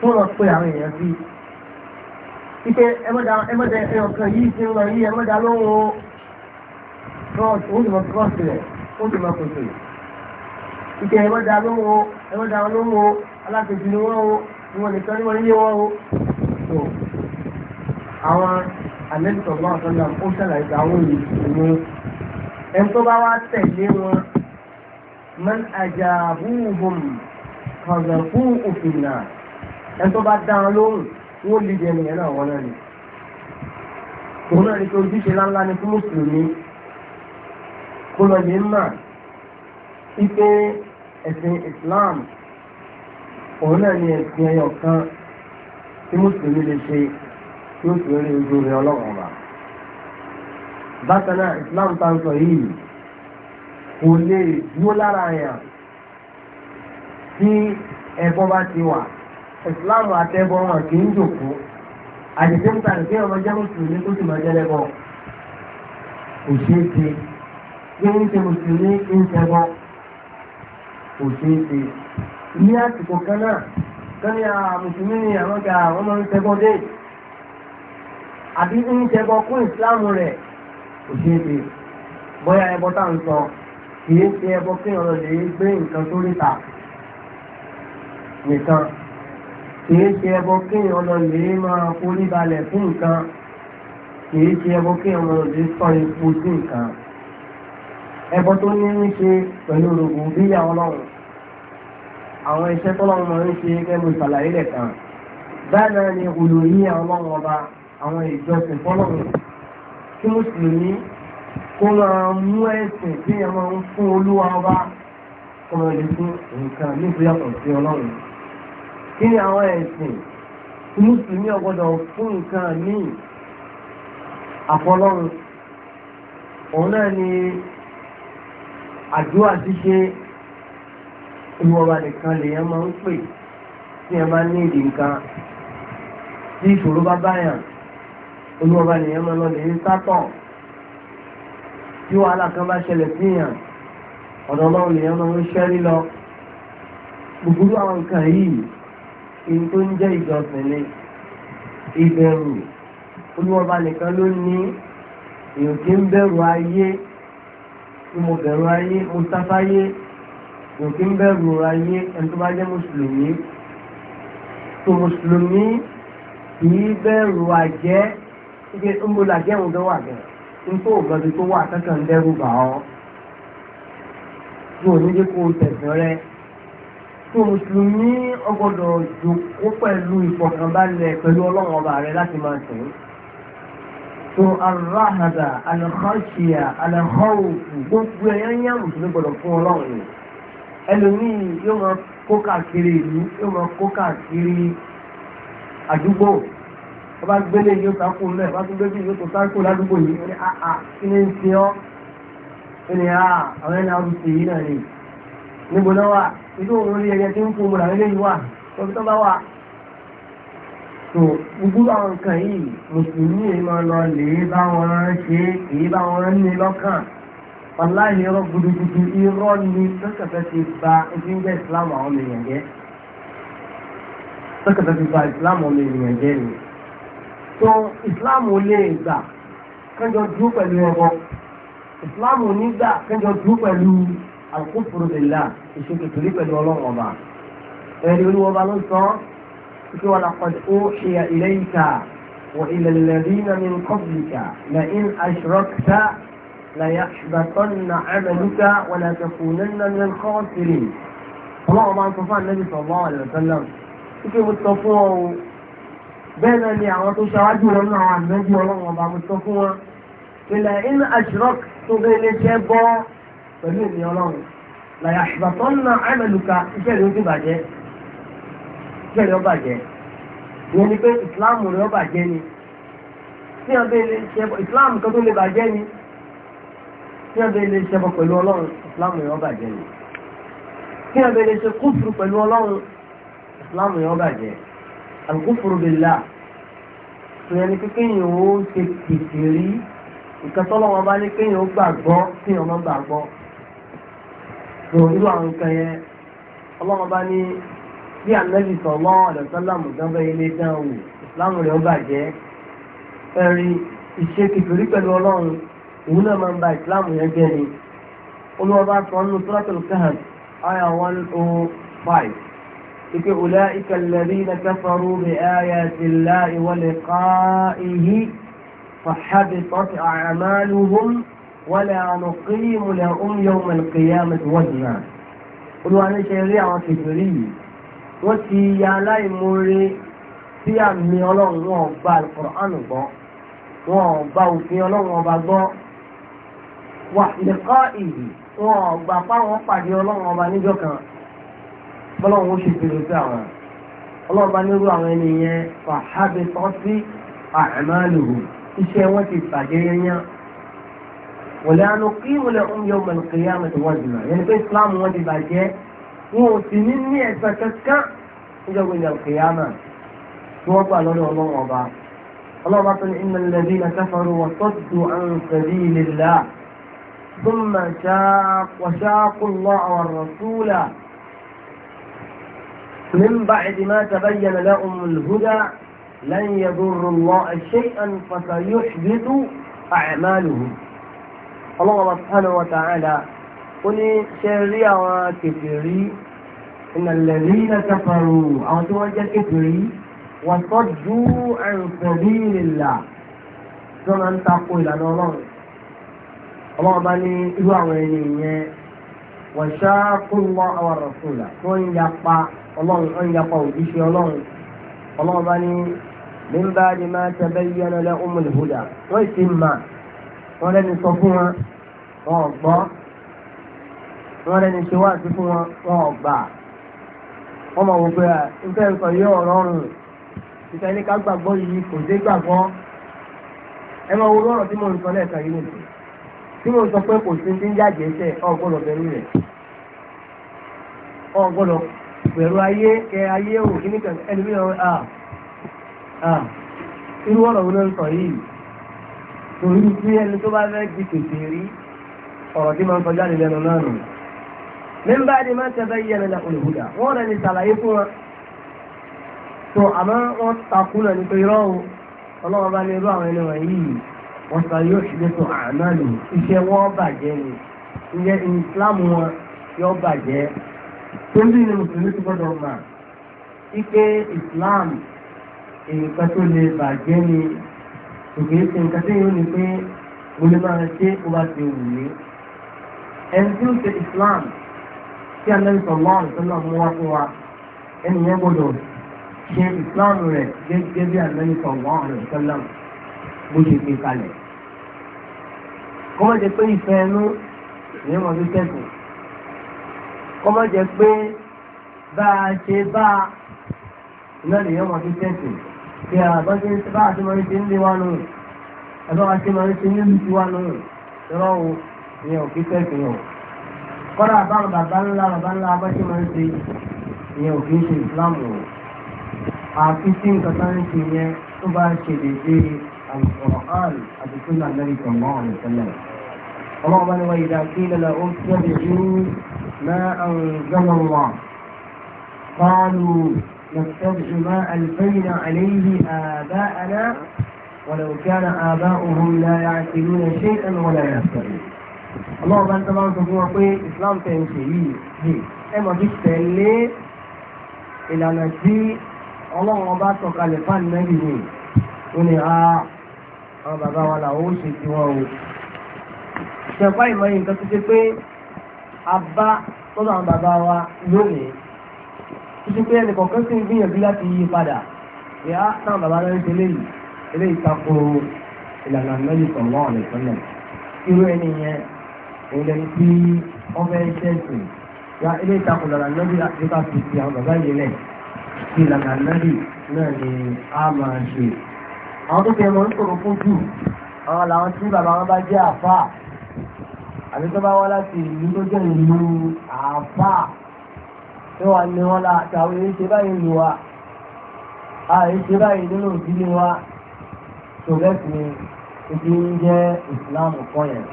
Speaker 1: tó lọ pé àwọn èèyàn sí ike ẹmọ́dà ẹyọ̀kan yìí ti ń lọ yìí ẹmọ́dà lóhùn ó trọ́ọ̀tì ó sì mọ trọ́ọ̀tì rẹ̀ ó sì mọ kòtò ike ẹmọ́dà lóhùn ó ẹmọ́dà lóhùn ó alákejì ni wọ́n o wọn nìkan ní wọ́n yé wọ́n o tó àwọn àlẹ́sọ̀ náà sọ́nà ó ṣàlàyé pé àwọn èyí ni ẹni tó bá wá tẹ̀lé wọn man àjàbùhùn kọ̀ọ̀dọ̀kú òfin náà ẹni tó bá dá wọn lóhùn wọ́n lè jẹ nìyẹn náà wọ́n náà ni òun náà ni pé ojúṣe láńlá ni fún mùsùlùmí kó lọ lè mà ipe ẹ̀sìn Islam òun náà ni ẹ̀sìn ẹyọ kan tí mùsùlùmí lè ṣe tí ó sì rí ojú rẹ ọlọ́run ọba. bákan náà islam tá ń sọ yìí kò lè dúró lára yàn tí ẹbọ bá ti wà islam àtẹbọ wọn kì í jòkó àdìsí ń tàn kí ọmọ jẹ́ mùsùlùmí tó sì máa jẹ́ lẹ́bọ̀ kò ṣeé ṣe bí ń ṣe mùsùlùmí ń ṣẹbọ kò ṣeé ṣe ní àsìkò kan náà kẹ́ni àmùsùlùmí ni àwọn ọjà àwọn ọmọ ń tẹ́gbọ́n dé àbí ń tẹ́gbọ́n kún ìsìláàmù rẹ̀ kò ṣeé ṣe bóyá ẹbọ tá à ń sọ kìí ṣe ẹbọ kí ọ̀rọ̀ lè gbé nǹkan tó ríta nìkan kìí ṣe ẹbọ kí ọ̀rọ̀ lè máa forí balẹ̀ fún nǹkan kìí ṣe ẹbọ kí ọ̀rọ̀ lè sọ epo sí nǹkan ẹbọ tó ní í ṣe pẹ̀lú rògbòdìyà ọlọ́run àwọn iṣẹ́ tọ́lọ́run máa ń ṣe gẹ́gẹ́ bí ṣàlàyé lẹ́kan báyìí ni olóyìn ọlọ́run ọba àwọn ìjọsìn tọ́lọ́run tí mùsùlùmí kó máa mú ẹ̀sìn tí ẹ máa ń fún olúwa ọba kó máa lè fún nǹkan nítorí ọ̀pọ̀ sí ọlọ́run kí ni àwọn ẹ̀sìn tí mùsùlùmí ọgbọ́dọ̀ fún nǹkan míì àfọlọ́run òun náà ni àdúrà ṣíṣe olúwọba nìkan lèèyàn máa ń pè tí yẹn bá ní ìdí nǹkan tí ìṣòro bá báyàn olúwọba nìyẹn máa lọ lèyìn sátọ̀ tí wàhálà kan bá ṣẹlẹ̀ sí yàn ọ̀dọ̀ ọlọ́run lèyàn máa ń ṣẹ́ lílọ gbogbo àwọn nǹkan yìí èyí tó ń jẹ́ ìjọsìn ni ìbẹ̀rù olúwọba nìkan ló ní èyí tí ń bẹ̀rù ayé tí bẹ̀rù ayé mo sáfáyé kò kí ń bẹ̀rù ayé ẹni tó bá jẹ́ mùsùlùmí tó mùsùlùmí kì í bẹ̀rù àjẹ́ ike ń bo làjẹ́ òun tó wà bẹ̀rẹ̀ ń tó ògbọ́dọ̀ tó wà kankan dẹ́rù bà ọ́ tó ní kó tẹ̀sán rẹ tó mùsùlùmí ọgbọ́dọ̀ jòkó pẹ̀lú ìfọ̀kànbalẹ̀ pẹ̀lú ọlọ́run ọba rẹ láti máa sìn so arahada alakashiya alakawu gbogbo ẹ̀yán yẹn mùsùlùmí gbọ́dọ̀ fún ọlọ́run yìí ẹlòmíì yóò máa kó káàkiri ìlú yóò máa kó káàkiri àdúgbò ọba gbélé yóò sáko lẹ ọba tún gbébí yóò tó sáko ládùúgbò yìí ó ní àà ah, ah, kí ni ń ṣe ọ́ ó ní àà ah, àwọn ẹni àwọn ṣèyí náà ni níbo náà wà ìlú òun rí ẹyẹ tí ń fún mọ̀nà eléyìí wà lọ́bí tó bá wà. tó gbogbo àwọn nǹkan yìí mùsùlùmí máa lọ lè bá wọn ṣe kì bá wọn ní lọ́kàn wàláyé irọ́ gudugudu irọ́ ni sọ́kẹ̀fẹ́ ti ba ìdíjẹ́ ìsìlámù àwọn ọmọ èèyàn jẹ́ sọ́kẹ̀fẹ́ ti ba ìsìlámù ọmọ èèyàn jẹ́ ni tó ìsìlámù lè gbà kẹjọ dúró pẹ̀lú ẹ̀rọ ìsìlámù nígbà kẹjọ dúró pẹ̀lú àkókòrò ìlà ìṣèkèkèrè pẹ̀lú ọlọ́run ọba ẹ̀rí olúwọba ló sọ kíkẹ́ wọn àkọsí ó ṣe ìlẹ́yìíká wọ ilẹ̀ lẹ́rìí náà ní kọ́bìlìkà la yahbatanna amaluka wa la takunanna min al-khasirin ọlọ́wọ́ máa ń sọ fún ànábì sallallahu alaihi wasallam kíkẹ́ mo sọ fún ọ o bẹ́ẹ̀ náà ni àwọn tó ṣáwájú wọn náà àwọn ànábì ọlọ́wọ́ ọba mo sọ fún wọn ìlà in ashrak tó bẹ́ẹ̀ lè jẹ́ bọ́ pẹ̀lú ìní ọlọ́run la yahbatanna amaluka iṣẹ́ rẹ̀ ó ti bàjẹ́ iṣẹ́ rẹ̀ ó bàjẹ́ ìyẹn ni pé ìsìláàmù rẹ̀ ó bàjẹ́ ni kí wọ́n bẹ̀rẹ̀ ṣe bọ̀ pẹ̀lú ọlọ́run ìsìláàmù yẹn bàjẹ́ ni kí wọ́n bẹ̀rẹ̀ ṣe kúfùrù pẹ̀lú ọlọ́run ìsìláàmù yẹn bàjẹ́ àlùkúfùrù billah ìyẹn ni pé yìí ó ṣe tètè rí nǹkan tọ́lọ́ wọn bá ní pé yìí ó gbàgbọ́ kí yìí ọmọ gbàgbọ́ tó irú àwọn nǹkan yẹn ọlọ́wọ́n bá ní bí ànábì sallallahu alaihi wasallam ilé dán wò ìsìláàmù bàjẹ́ ẹ̀rí ìṣe tètè pẹ̀lú ọlọ́run òun náà máa ń ba ìsìláàmù yẹn jẹ́ ni olùwọ́ba sọ nínú suratul Kahf àyà one oh five ike ulaika alladhina kafaru bi ayati llahi wa liqa'ihi fahabitat a'maluhum wala nuqimu lahum yawma al-qiyamati wazna olùwà ní ṣe rí wọ́n ti ya aláìmoore tí àmì ọlọ́run wọn gba òfin ọlọ́run ọba gbọ́ wà lẹ́kọ́ ìlú wọn ọgbà páwọn pàdé ọlọ́run ọba níjọ́ kan bọ́lọ́run ó ṣe fèrè sí àwọn ọlọ́run ọba nírú àwọn ẹni yẹn wà hábẹ́ tọ́ sí àmàlùhù iṣẹ́ wọn ti bàjẹ́ yẹnyán wọlé àánú kí wọlé oúnjẹ ọmọ ìkẹyà mẹ́ta wọn jùlọ yẹn pé islam wọn ti bàjẹ́ wọn ò sì ní ní ẹ̀sẹ̀ kankan níjọba ìlẹ̀ ìkẹyà náà tí wọ́n gbà lọ́dọ̀ ọlọ́run ọba ọlọ́run ọba tó ní ìmọ̀lẹ́bí ثم شاق وشاق الله والرسول من بعد ما تبين لهم الهدى لن يضر الله شيئا فسيحبط أعمالهم الله سبحانه وتعالى قل شريا وكفري إن الذين كفروا أو توجه كفري وصدوا عن سبيل الله ثم أن تقول أنا الله ọlọ́wọ́ bá ní irú àwọn ẹni yẹn wọ́n ṣá kún wọ́n àwọn rọ̀fúnlá tó ń yapa ọlọ́run tó ń yapa òjíṣẹ́ ọlọ́run ọlọ́wọ́ bá ní nígbà tí máa tẹ̀bẹ́ yẹnu lẹ́ ọmọlẹ̀ húdà wọ́n ti mà wọ́n lẹ́ni sọ fún wọn wọn ò gbọ́ wọ́n lẹ́ni ṣe wá sí fún wọn wọn gbà wọ́n mọ̀ wọ́n pé à nífẹ̀ẹ́ nǹkan yóò rọrùn ìfẹ́ ní ká gbàgbọ́ yìí kò dé gbàgbọ́ ẹ máa wo lọ́rọ̀ tí mo ń sọ lẹ́ẹ̀kan yìí nìyí tí mo sọ pé kò sí ní jáde ẹsẹ̀ ọ̀gbọ́dọ̀ bẹ̀rù rẹ̀ ọ̀gbọ́dọ̀ bẹ̀rù ayé kẹ ayé wò kí ní kàn ẹni bí wọn à à irú ọ̀rọ̀ wo ló ń sọ yìí torí tí ẹni tó bá fẹ́ di kèké rí ọ̀rọ̀ tí máa ń kọjá nílẹ̀ nù náà nù. nígbà tí máa ń tẹ́fẹ́ yẹn nílẹ̀ olùhùdà wọ́n rẹ̀ ní sàlàyé fún wọn. tó àmọ́ wọ́n takú náà ní pé irọ́ ọlọ́wọ́ bá ní irú àwọn ẹni wọ̀nyí wọ́n sọ yóò ṣe tó àmàlù iṣẹ́ wọn bàjẹ́ ni ìyẹ́ ìsìlámù wọn yóò bàjẹ́ tó ń bí ní mùsùlùmí ti gbọ́dọ̀ mà ike ìsìlám nǹkan tó lè bàjẹ́ ni òkè ṣe nǹkan tó yẹ ni pé mo lè máa ṣe ó bá ti wù mí ẹni tí ó ṣe ìsìlám tí a lẹ́yìn sọ̀rọ̀ àwọn ìṣẹ́lẹ̀ mú wá fún wa ẹni yẹn gbọ́dọ̀ ṣe ìsìlám rẹ̀ gẹ́gẹ́ bí a lẹ́yìn sọ̀rọ̀ àwọn ìṣẹ́lẹ̀ mú bó ṣe gbé kalẹ̀. kọ́mọ́ jẹ pé ìfẹ́ ẹnu ìyẹn mọ̀ fi kẹ́sùn. kọ́mọ́ jẹ pé bá a ṣe bá a iná ìyẹn mọ̀ fi kẹ́sùn. kí a bá ṣe bá a ṣe máa ń ṣe nílé wa nù. ẹ̀rọ a ṣe máa ń ṣe nílùú tiwa nù. ẹ̀rọ o ìyẹn ò fi kẹ́sùn o. kọ́dà báwọn bàbá ńlá bàbá ńlá bá máa ń ṣe ìyẹn ò fi ń ṣe ìsìlámù o. àfi tí nǹkan tá ń ṣe yẹn tó bá ṣe القرآن أبي سنة النبي الله عليه وسلم اللهم وإذا قيل لهم اتبعوا ما أنزل الله قالوا نتبع ما ألفينا عليه آباءنا ولو كان آباؤهم لا يعقلون شيئا ولا يهتدون اللهم أنت máa ń sọ fún wa pé Islam tẹ̀ ń ṣe yìí ẹ mọ̀ fi tẹ̀lé ìlànà tí ọlọ́run ọba sọ̀kalẹ̀ fáànù náà ni ó ní a àwọn bàbá wa làwọn ó ṣe ti wọn o ṣẹ̀pá ìmọ̀ yìí nǹkan tó ṣe pé a bá tọ́lọ̀ àwọn bàbá wa lónìí tó ṣe pé ẹnìkọ̀ọ̀kan sì ń gbìyànjú láti yí padà pé á táwọn bàbá rẹ̀ ń ṣe léyìí eléyìí tako ìlànà lẹ́yìn tọ̀wọ́ ọ̀nà ìpínlẹ̀ irú ẹni yẹn òun lẹni tí wọ́n fẹ́ ṣẹ́ǹsì ya eléyìí tako ìlànà lẹ́yìn àti ká fi ti àwọn ìlànà lẹ́yìn náà ni a máa ṣe àwọn tó kẹ́ mọ́ ń sọ̀rọ̀ fún jù àwọn làwọn tí bàbá wọn bá jẹ́ àfà àbí tó bá wá láti ìlú tó jẹ́ ìlú àfà tó wà ní wọn la àtàwọn èyí ṣe báyìí lù wa àyè ṣe báyìí nínú ìdílé wa tó bẹ́ẹ̀ ni ibi ń jẹ́ ìsìláàmù kan yẹn.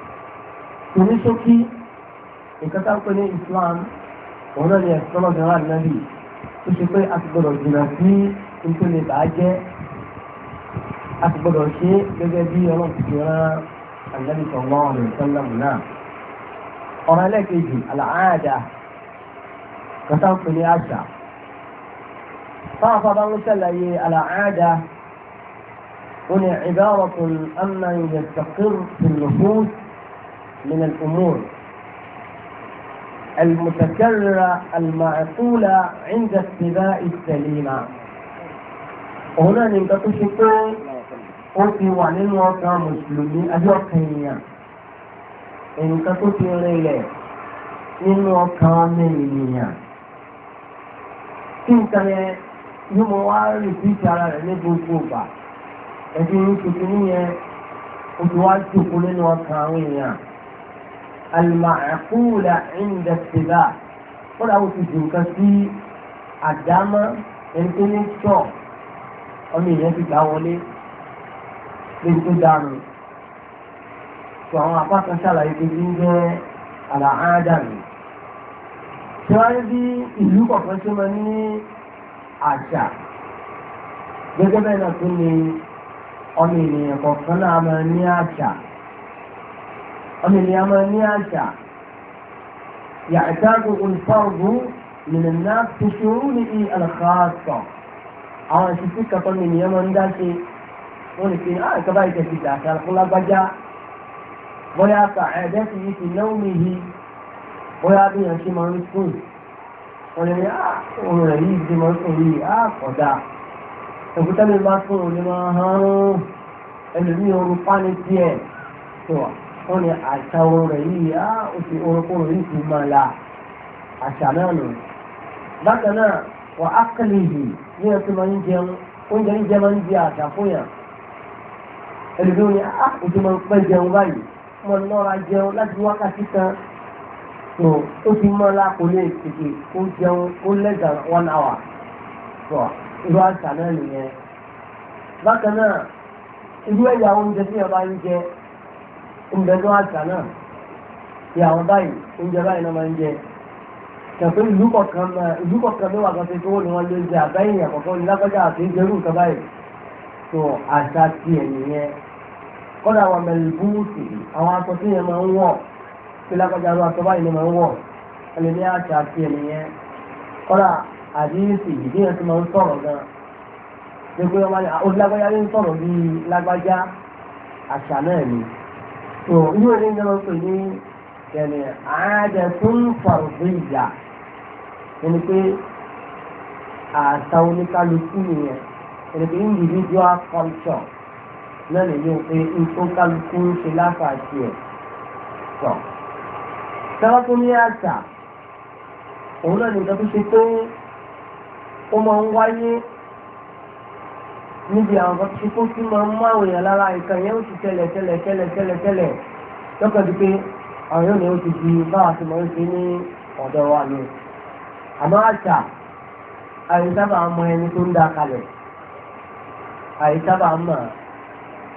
Speaker 1: Tòní ṣókí nǹkan tá ní ìsìláàmù òun náà ni ẹ̀sìn ọlọ́dún rà nábì tó ṣe pé a ti gbọdọ̀ jìnnà sí nítorí bàá jẹ́ أكبر شيء لجدي يلوك النبي صلى الله عليه وسلم لا أرى لك إجي العادة كتنطي لأشع صعف الله سلا إيه العادة هنا عبارة أما يستقر في النفوس من الأمور المتكررة المعقولة عند السباء السليمة هنا نبقى تشكو ó ti wà nínú ọkàn mùsùlùmí ajọ́kan èèyàn nǹkan tó ti rinlẹ̀ nínú ọkàn ọmọ ènìyàn tí nǹkan yẹn yóò mọ wá rí ìdíje ara rẹ̀ ní gbogbo ìgbà ẹ̀sìn ní tuntun yẹn ó ti wá jòkó nínú ọkàn àwọn èèyàn alimakula indẹsida ó dàbò ti di nǹkan sí àdámọ́ ẹni ní sọ ọmọ èèyàn ti gbà wọlé pé tó dànù tó àwọn apá kan ṣàlàyé pé ní jẹ́ àlàáńdà mi tí wọ́n bí ìlú kọ̀ọ̀kan ṣe máa ní àṣà gẹ́gẹ́ bẹ́ẹ̀ náà tún ni ọmọ ènìyàn kọ̀ọ̀kan náà máa ní àṣà ọmọ ènìyàn máa ní àṣà يعتاد الفرد من الناس في شؤونه الخاصة أو شفتك من يمن ذاك wọ́n lè fi ah ìjọba ìjẹ̀sì dàkà fún lágbájá bóyá ta ẹ̀ẹ́dẹ́ sì yìí ti náwó mi yìí bóyá bí yẹn ṣe máa ń sùn wọ́n lè ní ah òun rẹ̀ yìí ti máa ń sùn yìí ah kọ̀dà òkúta mi máa sùn òun lè máa hàn án ẹlòmíì oorun fáni tiẹ̀ tó wọ́n ní àṣà oorun rẹ̀ yìí ah oṣù orunkóorun yìí ti máa la àṣà náà nù bákan náà wọ́n á kẹ́lẹ̀ yìí ní ẹ̀sìn máa ń jẹun oúnjẹ ń jẹ máa ń di àṣà fún yàn ẹlòmíràn ni a ojú máa ń pẹ́ jẹun báyìí mo lọ́ra jẹun láti wákàtí kan tó ó ti mọ́ la kò lè tètè kó jẹun ó lẹ́gà one hour tó irú àṣà náà nìyẹn. bákan náà irú ẹ̀yà oúnjẹ tí yàrá ń jẹ oúnjẹ tó àṣà náà ti àwọn báyìí oúnjẹ báyìí náà máa ń jẹ tẹ̀pẹ́ ìlú kọ̀ọ̀kan ìlú kọ̀ọ̀kan mẹ́wàá kan ṣe kí wọ́n ní wọ́n lé jẹ àbẹ́yìn àkọ́kọ́ ní lágbájá àti ìjẹ́rù nǹkan báyìí tó àṣà tiẹ̀ nìyẹn kọ́dà àwọn mẹ̀lìbúùsì àwọn aṣọ tí yẹn máa ń wọ̀ tí lápájà ló aṣọ báyìí ni máa ń wọ̀ ẹni ní àṣà àti ẹnìyẹn kọ́dà àdíyèsí ìdí yẹn ti máa ń sọ̀rọ̀ gan ní pé wọ́n ó lágbájá ló ń sọ̀rọ̀ bíi lágbájá àṣà náà ni tó inú ẹni ń jẹun pè ní ẹni àádẹ fún fàrùbí ìjà ẹni pé àṣà oníkálukú nìyẹn ẹni pé individual culture náà lè yóò pé nǹkan kálukú ń ṣe láfàáṣì ẹ̀ tọ̀. sábà tó ní àṣà òun náà nìkan tó ṣe pé ó máa ń wáyé níbi àwọn kan tó ṣe pé kí máa ń mú àwọn èèyàn lára ìkan yẹn ó ti tẹ́lẹ̀ tẹ́lẹ̀ tẹ́lẹ̀ tẹ́lẹ̀ tẹ́lẹ̀ lọ́kàn di pé àwọn yóò ní ó ti di báwa ti máa ń ṣe ní ọ̀dọ̀ wa ni. àmọ́ àṣà àyè sábà mọ ẹni tó ń da kalẹ̀ àyè sábà mọ̀ ọ́.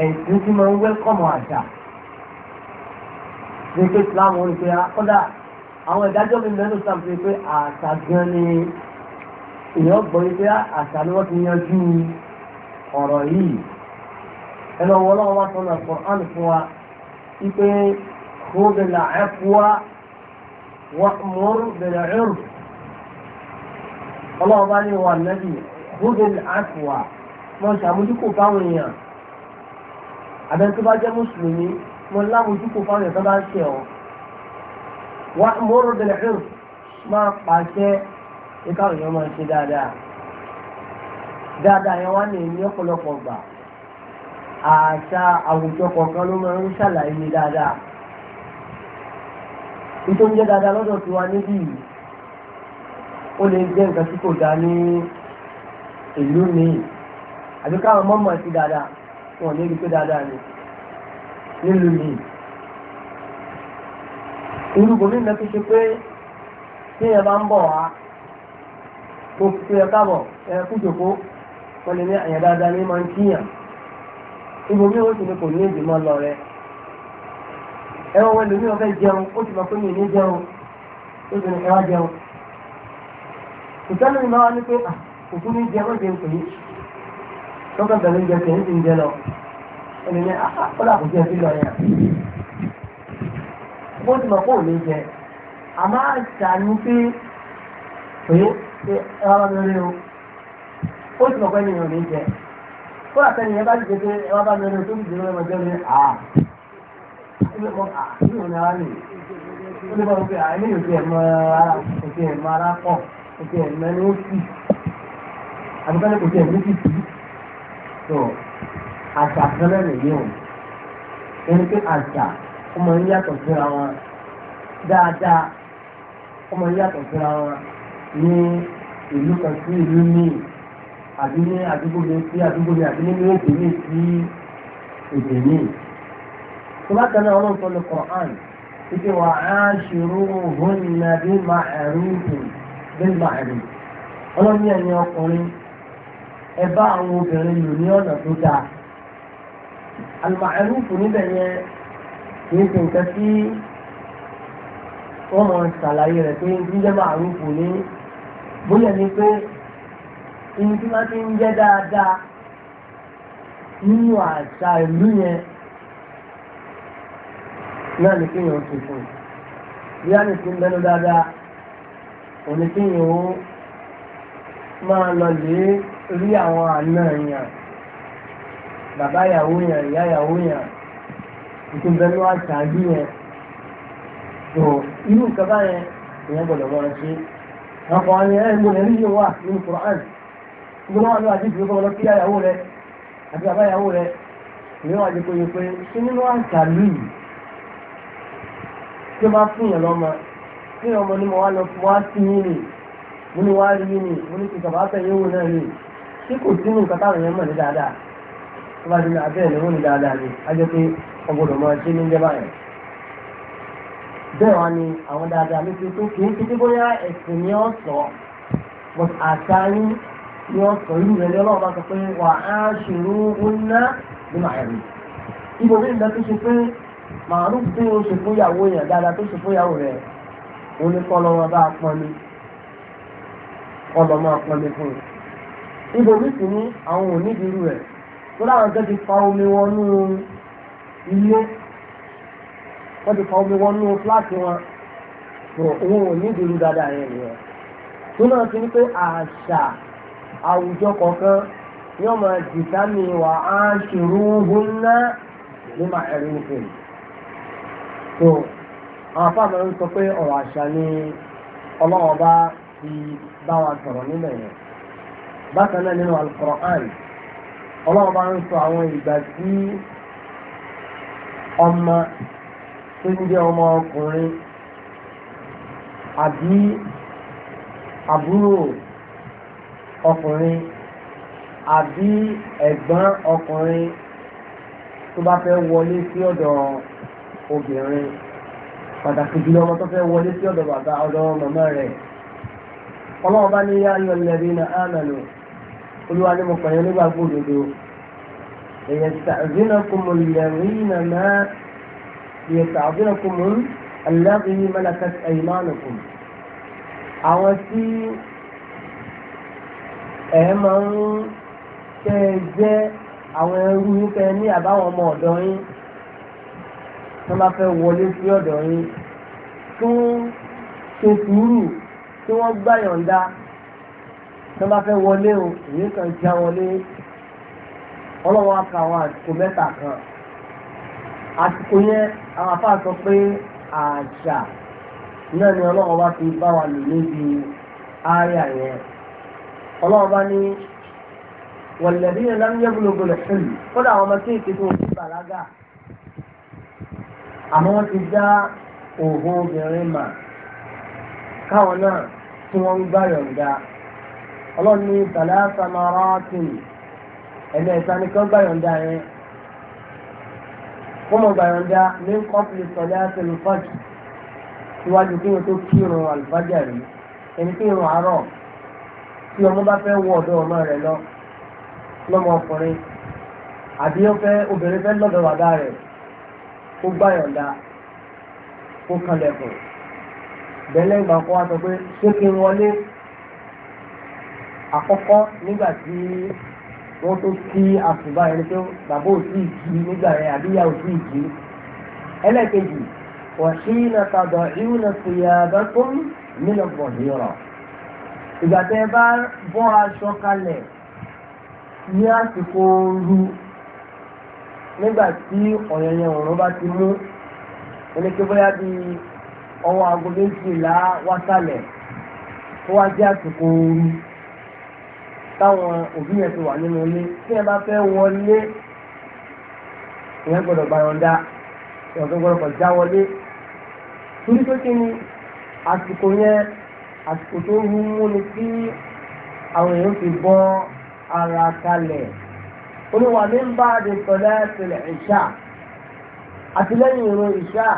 Speaker 1: ẹ̀sìn tí máa ń wẹ́kọ̀mù àṣà ní pé Islam ń pe ah, kódà àwọn ìdájọ́ mi lẹ́nu Islam fi pé àṣà gan ni èèyàn gbọ́ yìí pé ah, àṣà ni wọ́n ti yanjú ọ̀rọ̀ yìí ẹnu ọwọ́ ọlọ́wọ́ wá sọ́nà Qur'an fún wa wípé kó bẹ̀rẹ̀ àẹ́fúwa wa'mur bil 'urf ọlọ́wọ́ bá ní wà nẹ́bí kó bẹ̀rẹ̀ àẹ́fúwa mọ̀ ṣàmójúkò fáwọn èèyàn àbẹ tó bá jẹ́ mùsùlùmí mo láwùjú kó fáwọn ẹ̀tọ́ bá ń ṣe ọ́ wá mòrò dẹ̀lẹ̀ fún máa pàṣẹ ìka òyìn máa ṣe dáadáa dáadáa yẹn wá ní ní ọ̀pọ̀lọpọ̀ gbà àṣà àwùjọ kọ̀ọ̀kan ló máa ń ṣàlàyé dáadáa nítorí jẹ́ dáadáa lọ́dọ̀ tí wá níbí ó lè jẹ́ nǹkan tí kò dá ní ìlú mi àbíká àwọn mọ́mọ́ ti dáadáa wọn ní pé dáadáa ni nílùú mi ìlú bòmí ń bẹ tó ṣe pé tí ẹ bá ń bọ̀ wá tó fi ẹ káàbọ̀ ẹ kú jòkó wọn lè ní àyàn dáadáa ní máa ń kíyàn ibòmí ó sì ní kò ní ìdìmọ̀ lọ rẹ ẹ wọ́n wọ́n lómi ọ̀fẹ́ jẹun ó ti mọ̀ pé mi ní jẹun ó sì ní ẹ wá jẹun kò sẹ́nu ìmọ̀ wá ní pé ah, kò ní jẹun ó jẹun kò ní lọ́kàn tẹ̀lé ń jẹ tẹ̀ ń sì ń jẹ lọ ẹni ní ọ̀là ah, ah, kò jẹ́ sí lọ yẹn. bó ti mọ̀ kó lè jẹ a máa ṣàánú pé pé ṣe ẹwà bá mẹ́rin o ó ti mọ̀ pé ènìyàn ò ní jẹ kó àtẹnìyàn yẹn bá ti jẹ pé ẹwà bá mẹ́rin o tó ti jẹ lọ́wọ́ ẹgbẹ́ mi à ah. ilé mọ àìní òní ara nìyí ó lè bá wọn pé àìní òkè ẹ̀mọ ara òkè ẹ̀mọ ara pọ̀ òkè ẹ̀mọ ẹni ó sì àbúkálẹ̀ kò tẹ̀ ẹ̀mí sì tì í tó àṣà kan náà nìyí o ẹni pé àṣà ó máa ń yàtọ̀ síra wọn dáadáa ó máa ń yàtọ̀ síra wọn ní ìlú kan sí ìlú míì àbí ní àdúgbò mi sí àdúgbò mi àbí nínú èdè mi sí èdè mi. tó bá kan náà wọ́n ń sọ ní títí wà á ṣòro òhun nàbí màárùn-ún bí màárùn-ún ọlọ́mí ẹ̀yìn ọkùnrin. Ebe bá àwọn obìnrin lò ní ọ̀nà tó dáa àlùmọ̀ẹ́rùfù níbẹ̀ yẹn kìí ṣe nǹkan tí wọ́n mọ̀ ṣàlàyé rẹ̀ pé ń ni pé ibi tí wọ́n ti ń jẹ́ dáadáa nínú àṣà ìlú yẹn náà ni kéèyàn ti fún bí a lọ lè rí àwọn àna yàn bàbá ìyàwó yàn ìyá ìyàwó yàn ìtúbẹ̀lú àtàgé yẹn tó irú nǹkan báyẹn ìyẹn gbọ́dọ̀ mọ́ ṣe àwọn kan ní ẹ̀rọ ìgbọ̀nà rí yóò wà nínú Qur'an gbọ́dọ̀ wà ní àdìsí tó kọ́ lọ kí ìyàwó rẹ àti bàbá ìyàwó rẹ ìyẹn wà ní kò yẹ pé ṣé nínú àtàlù yìí tí ó bá fún yàn lọ́mọ tí ọmọ ní mo wá lọ fún wá sí yín ni mo ní wá rí yín ni mo ní kí bàbá tẹ̀yẹ́wò náà rí tí kò sínú nǹkan táwọn èèyàn mọ̀ ní dáadáa tó bá ti ní abẹ́rẹ́ ni wọ́n ní dáadáa ni a jẹ́ pé ọgbọ́dọ̀ máa ṣe ní jẹ́bà yẹn. bẹ́ẹ̀ wá ni àwọn dáadáa ló ti tó kì í ti bóyá ẹ̀sìn ni ó sọ but àṣà yín ni ó sọ irú rẹ̀ ni ọlọ́run bá sọ pé wà á ṣòro ńlá ní màárí. ibo bí nǹkan tó ṣe pé màálù tí ó ṣe fúnyàwó yẹn dáadáa tó ṣe fúnyàwó rẹ̀ òun ni kọ́ lọ́wọ́ bá pọ́n mi kọ́ lọ́ máa ibo mi sì ní àwọn ò nídìí irú rẹ̀ tó láwọn tó ti fa omi wọnú ilé wọ́n ti fa omi wọnú fúláàtì wọn òun ò nídìí irú dáadáa yẹn nìyẹn tó náà ti ní pé àṣà àwùjọ kọ̀ọ̀kan yóò máa wà á ṣòro ohun ní máa ẹ̀rí àwọn ń sọ pé ọ̀rọ̀ àṣà ni ọlọ́wọ́ bá ti bá wa sọ̀rọ̀ nílẹ̀ bákan náà nínú alukur'an ọlọ́run bá ń sọ àwọn ìgbà tí ọmọ tó ń jẹ́ ọmọ ọkùnrin àbí àbúrò ọkùnrin àbí ẹ̀gbọ́n ọkùnrin tó bá fẹ́ wọlé sí ọ̀dọ̀ obìnrin pàtàkì jùlọ ọmọ tó fẹ́ wọlé sí ọ̀dọ̀ bàbá ọ̀dọ̀ màmá rẹ̀ ọlọ́run bá ní yá ayọ̀ lẹ́bí na ámàlù olúwa ni mo pẹ̀lú nígbà gbòdodo èyàn sàbínà kùmù lẹ́rìnà máa èyàn sàbínà kùmù aláàbìyí mẹ́lẹ́kẹ́ ẹ̀yìnmánu kùmù. àwọn tí ẹ máa ń tẹ́ ẹ jẹ́ àwọn ẹrú yín tẹ́ ní àbáwọn ọmọ ọ̀dọ́ yín tó bá fẹ́ wọlé sí ọ̀dọ̀ yín tó ṣe sùúrù tí wọ́n gbà yọ̀ǹda tó bá fẹ́ wọlé o èyí kan já wọlé ọlọ́wọ́ aka àwọn àsìkò mẹ́ta kan àsìkò yẹn àwọn afá sọ pé àṣà náà ni ọlọ́wọ́ bá fi bá wa lò níbi ááyà yẹn ọlọ́wọ́ bá ní wọ̀lẹ́bí yẹn lámúyẹ́ gbólógbó fún kódà àwọn ọmọ kéèké tó ti bàlágà àmọ́ wọ́n ti dá òhun obìnrin mà káwọn náà tí wọ́n ń gbá yọ̀ǹda ọlọ́run ní tàlàtà maratin ẹ̀mẹ́ta ní kán gbàyọ̀ǹda yẹn fọmọ gbàyọ̀ǹda ní kọ́pìlì tàlàtà lùfàjì síwájú kí wọn tó kírun àlùfàjà rí ẹni kírun àárọ̀ tí ọmọ bá fẹ́ wọ ọ̀dọ̀ ọmọ rẹ̀ lọ lọ́mọ ọkùnrin àbí ó fẹ́ obìnrin fẹ́ lọ́dọ̀ bàbá rẹ̀ kó gbàyọ̀ǹda kó kanlẹ̀kùn bẹ́ẹ̀ lẹ́yìn ìgbà kó wá sọ pé ṣé kí n wọlé àkọ́kọ́ nígbà tí wọ́n tó kí àsùbá ẹni pé bàbá ò sí ìjì nígbà yẹn àbíyá ò sí ìjì ẹlẹ́ẹ̀kejì wàṣíìnà tàdọ̀ ìrúnà tìyàbá tó ń nílò bọ̀dé rọ̀ ìgbà tẹ bá bọ́ aṣọ kalẹ̀ ní àsìkò ooru nígbà tí ọ̀yẹ̀yẹ̀ ọ̀rọ̀ bá ti mú ẹni pé bóyá bíi ọwọ́ aago méjìlá wásálẹ̀ tó wá jẹ́ àsìkò ooru táwọn òbí yẹn ti wà nínú ilé tí ẹ bá fẹ́ wọlé ìyẹn gbọ́dọ̀ gbàyọ̀ǹda ìyọ̀dọ̀ gbọ́dọ̀ kọ̀ já wọlé torí pé kí ni àsìkò yẹn àsìkò tó ń mú ni tí àwọn èèyàn fi bọ́ ara kalẹ̀ olùwà mi ń bá a di sọ̀lẹ́ tẹ̀lẹ̀ ìṣá àtìlẹ́yìn ìrun ìṣá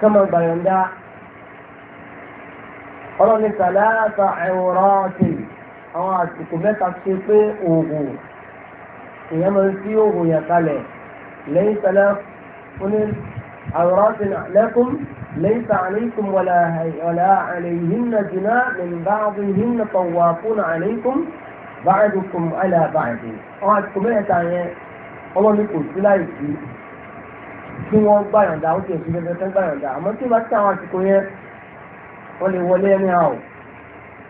Speaker 1: kama gbàyọ̀ǹda ọlọ́ni sàlẹ́ àtà ẹ̀wọ̀rọ̀ àwọn àsìkò mẹ́ta ṣe pé oògùn èèyàn máa ń fi oògùn yàn kalẹ̀ lẹ́yìn sẹ́lẹ̀ ó ní àwòrán ti lẹ́kùn ليس عليكم ولا ولا عليهن جناح من بعضهن طوافون عليكم بعضكم على بعض ọmọ àti kòmẹ́rẹ́ ta yẹn ọmọ mi kò sí láì sí kí wọ́n gbàyànjá ó ti ẹ̀sùn bẹ́ẹ̀ fẹ́ gbàyànjá àmọ́ tí wọ́n ti àwọn àsìkò yẹn wọ́n lè wọlé ẹni àwọ̀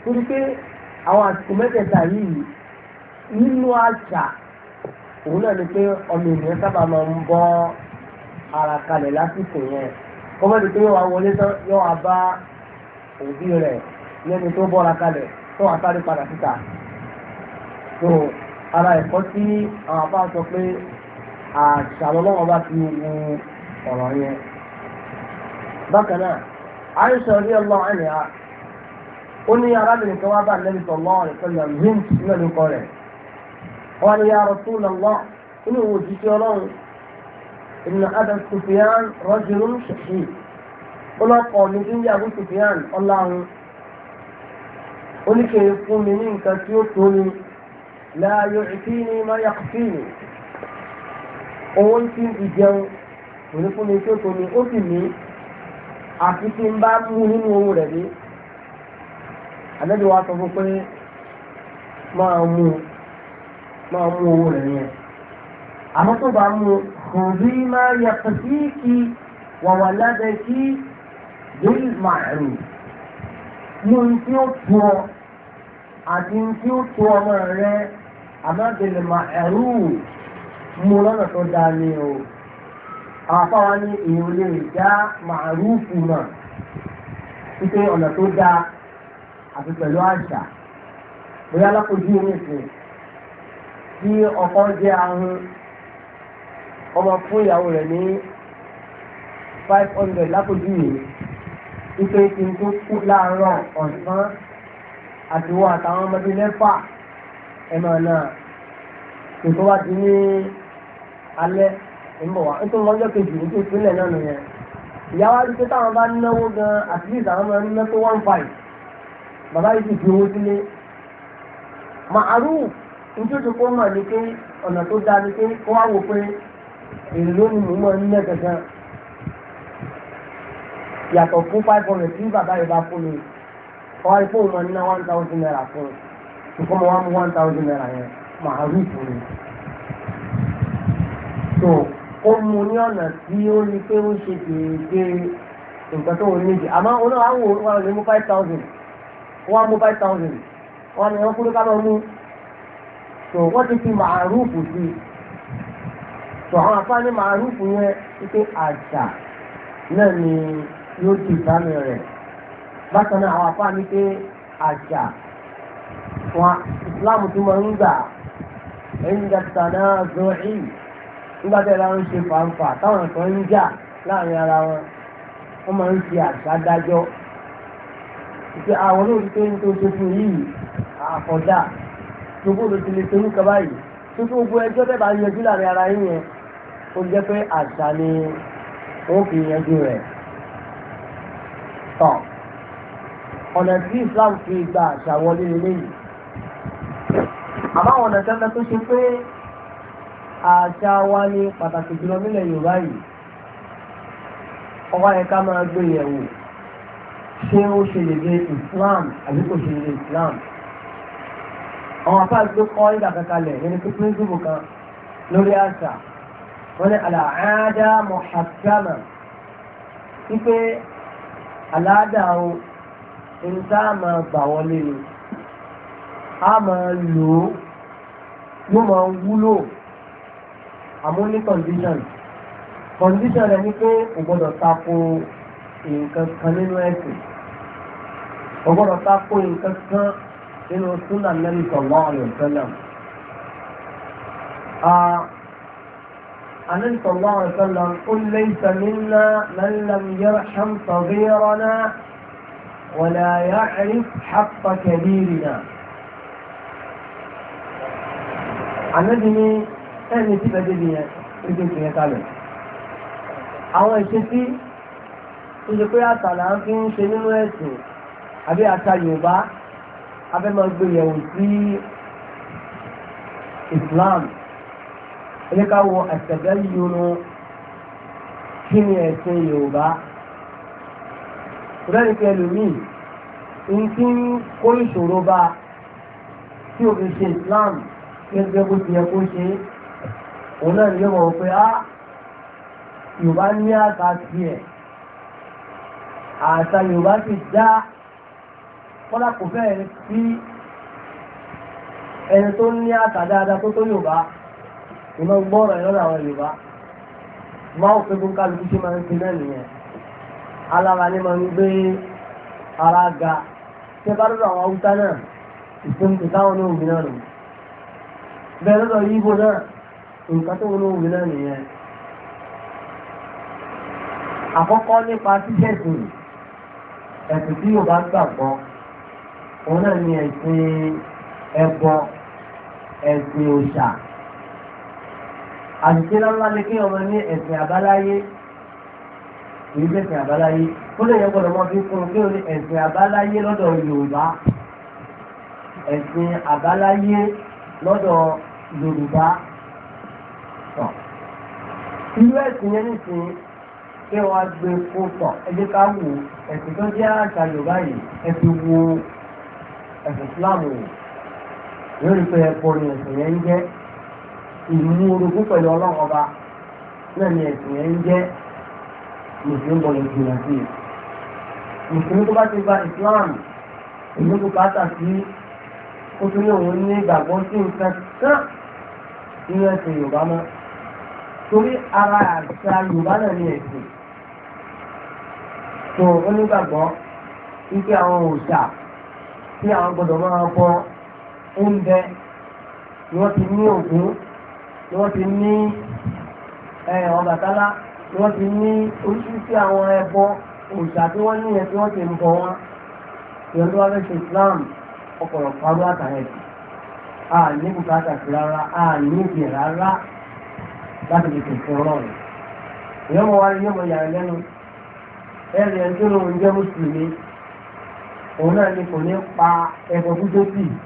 Speaker 1: torí pé àwọn àsìkò mẹ́tẹ̀ẹ̀ta yìí nínú àṣà òun náà ni pé ọmọ ènìyàn sábà máa ń bọ́ ara kalẹ̀ lásìkò yẹn kọ́mọ́tì pé wàá wọlé tán yóò wá bá òbí rẹ̀ lẹ́ni tó bọ́ra kalẹ̀ tó wàá sáré padà síta. tó ara ẹ̀kọ́ tí àwọn àbá sọ pé àṣà lọ́wọ́ bá ti wu ọ̀rọ̀ yẹn. bákan náà Aisha radiyallahu anha ó ní arábìnrin kan wá bá nẹ́bí sallallahu alaihi wasallam mint nínú ẹ̀dùnkọ rẹ̀ wọ́n ní ya Rasulullah inú wo jíjẹ́ ọlọ́run ìnà Abu Sufyan rajulun shahid ọlọ́kọ̀ ní jíjẹ́ Abu Sufyan ọlọ́run ó ní kí n fún mi ní nǹkan tí ó tó ni la yu'tini ma yakfini owó tí ìjẹun kò ní fún mi tí tó ni ó sì ní àfi tí n bá mú nínú owó rẹ̀ ní ànábì wa sọ fún pé máa mú máa mú owó rẹ̀ yẹn àmọ́ tó bá mú kòrí máa yàtọ̀ sí kí wàwà lábẹ́ kí bíi màrún mú ní tí ó tu ọ àti ní tí ó tu ọmọ rẹ àmọ́ bíi màrún mú lọ́nà tó dáa ní o àfáwa ní èèyàn lè dá màrún fún mà títí ọ̀nà tó dáa àti pẹ̀lú àṣà bóyá lápòjú omi ìsìn tí ọkọ jẹ́ ahun ọmọ fún ìyàwó rẹ̀ ní five hundred lápòjú yìí wípé kí n tó kú láàárọ̀ ọ̀sán àtiwọ́ àtàwọn ọmọdé mẹ́fà ẹ̀ máa náà kò tó wá di ní alẹ́ ìmọ̀ wa nítorí wọn jẹ́ kejì nítorí ìpínlẹ̀ náà nìyẹn ìyá wa rí pé táwọn bá náwó gan at least àwọn máa ń ná tó one five bàbá yìí ti fi owó sílé màálù nítorí kó mọ̀ ní pé ọ̀nà tó dáa ni pé kó wá wò pé èrè lónìí mò ń mọ̀ nílẹ̀ kankan yàtọ̀ fún five hundred tí bàbá yìí bá fún mi ọ̀hán ipò mọ̀ ní one thousand naira fún un kó mọ̀ wá mú one thousand naira yẹn màálù fún mi. so ó mu ní ọ̀nà tí ó ní pé ó ṣe déédéé nǹkan tó wọ́n ní jù àmọ́ ó náà á wà lórí five thousand wọ́n mú five thousand wọ́n ní wọ́n kúrò ká lọ́ọ́ mú tó wọ́n ti fi màárùfù sí i tó àwọn afá ní màárùfù yẹn wípé àṣà náà ni yóò ti ìdáná rẹ̀ bákan náà àwọn afá ní pé àṣà wọn ìsìláàmù tó máa ń gbà ẹ̀yìn dàtà náà zọ́ọ̀ì nígbà tí ẹ̀rọ ń ṣe fàǹfà táwọn kan ń jà láàrin ara wọn wọ́n máa ń fi àṣà dájọ́ ìpè àwọn olóòtú tó ń tó ṣe fún yìí àkọ́dà gbogbo ló ti lè ṣe ní kaba yìí tuntun gbogbo ẹjọ́ bẹ́ẹ̀ bá yanjú láàrin ara yín yẹn ó jẹ́ pé àṣà ni wọ́n fi yanjú rẹ̀ tán ọ̀nà tí Islam fi gba àṣà wọlé lélẹ́yìí àmọ́ àwọn ọ̀nà tẹ́lẹ̀ tó ṣe pé àṣà wa ni pàtàkì jùlọ nílẹ̀ Yorùbá yìí ọwọ́ yẹn ká máa gbé yẹ̀wò ṣé ó ṣe yege Islam àbí kò ṣe yege Islam àwọn apá àti kọ́ ìdá kankanlẹ̀ nínú pé píríncípù kan lórí àṣà wọ́n ní àlàáda mọ̀hàkámà wípé àlàáda o ní tá a máa gbà wọlé ni a máa lò ó yóò máa wúlò àmọ́ ní condition condition rẹ̀ ni pé kò gbọ́dọ̀ tako nǹkan kan nínú ẹ̀sìn ọgbọ́dọ̀ tá kó nǹkan kan nínú súnà Nabi sallallahu alaihi wasallam. Ànábì sallallahu alaihi wasallam ó laysa minna man lam yarham saghirana wa la ya'rif haqqa kabirina. Ànábì ní ẹni tí bẹ́ẹ̀ débi yẹn ó dé kìí kalẹ̀. Àwọn ìṣesí tó ṣe pé àtàlà ń fi ń ṣe nínú ẹ̀sìn àbí ata yorùbá abẹ́ máa gbé yẹ̀wò sí islam ilé ká wo àtẹ̀gẹ́ yòrò kí ni ẹ̀sìn yorùbá rẹ́ni pé ẹlòmíì ń tí ń kó ìṣòro bá tí o fi ṣe islam gẹ́gẹ́ bó ti yẹ kó ṣe òun náà ní yóò mọ̀ pé á ah, yorùbá ní àṣà tiẹ̀ àṣà yorùbá ti dá kọ́lá kò fẹ́ sí ẹni tó ní àtàdáadáa tó tó Yorùbá ìmọ̀ gbọ́rọ̀ ẹ̀ lọ́dọ̀ àwọn Yorùbá máa ń fẹ́ bóńkà lójú ṣe máa ń fi náà nìyẹn alára ni máa ń gbé ara ga ṣé bá lọ́dọ̀ àwọn Haúsá náà ìpínlẹ̀ táwọn ní òmìnira nù bẹ́ẹ̀ lọ́dọ̀ Yíbo náà nǹkan tó wọn ní òmìnira nìyẹn àkọ́kọ́ nípa tíṣẹ̀tì ẹ̀sìn tí Yorùbá gbàgbọ́ òun náà ni ẹ̀sìn ẹbọ ẹ̀sìn òòṣà àṣìṣe ńláńlá ni kí ọmọ ní ẹ̀sìn àbáláyé èyí jẹ́ ẹ̀sìn àbáláyé ó lè yẹ gbọ́dọ̀ mọ́ fi fún un kí o ní ẹ̀sìn àbáláyé lọ́dọ̀ Yorùbá ẹ̀sìn àbáláyé lọ́dọ̀ Yorùbá tọ̀ irú ẹ̀sìn yẹn nìsín kí wọ́n á gbé kó tọ̀ ẹ ká wò ẹ̀sìn tó jẹ́ àṣà Yorùbá yìí ẹ fi wo ẹ̀sìn Ìsìláàmù yóò rí pé ẹ̀pọ̀ ni ẹ̀sìn yẹn ń jẹ́ ìmú orogún pẹ̀lú ọlọ́run ọba náà ni ẹ̀sìn yẹn ń jẹ́ mùsùlùmí bọ̀lù ìgbìmọ̀ sí i. mùsùlùmí tó bá ti gba Ìsìláàmù èyí kò bàtà sí ó tún ní òun ní ìgbàgbọ́ sí nǹkan kan nínú ẹ̀sìn Yorùbá mọ́ torí ara àṣà Yorùbá náà ni ẹ̀sìn tó onígbàgbọ́ wípé àwọn òòṣà tí àwọn gbọdọ̀ máa bọ oúnjẹ ni wọ́n ti ní Ògún ni wọ́n ti ní ni wọ́n ti ní oríṣiríṣi àwọn ẹbọ òòṣà tí wọ́n ní yẹn tí wọ́n ti ń bọ wọn ìyẹn tó Islam ọ̀pọ̀lọpọ̀ arú àtàrẹ̀ a ní bùkátà sí rárá a ní ìdí rárá láti lè tẹ̀sí ọlọ́run òun náà ni kò ní pa ẹbọ dúdú sí i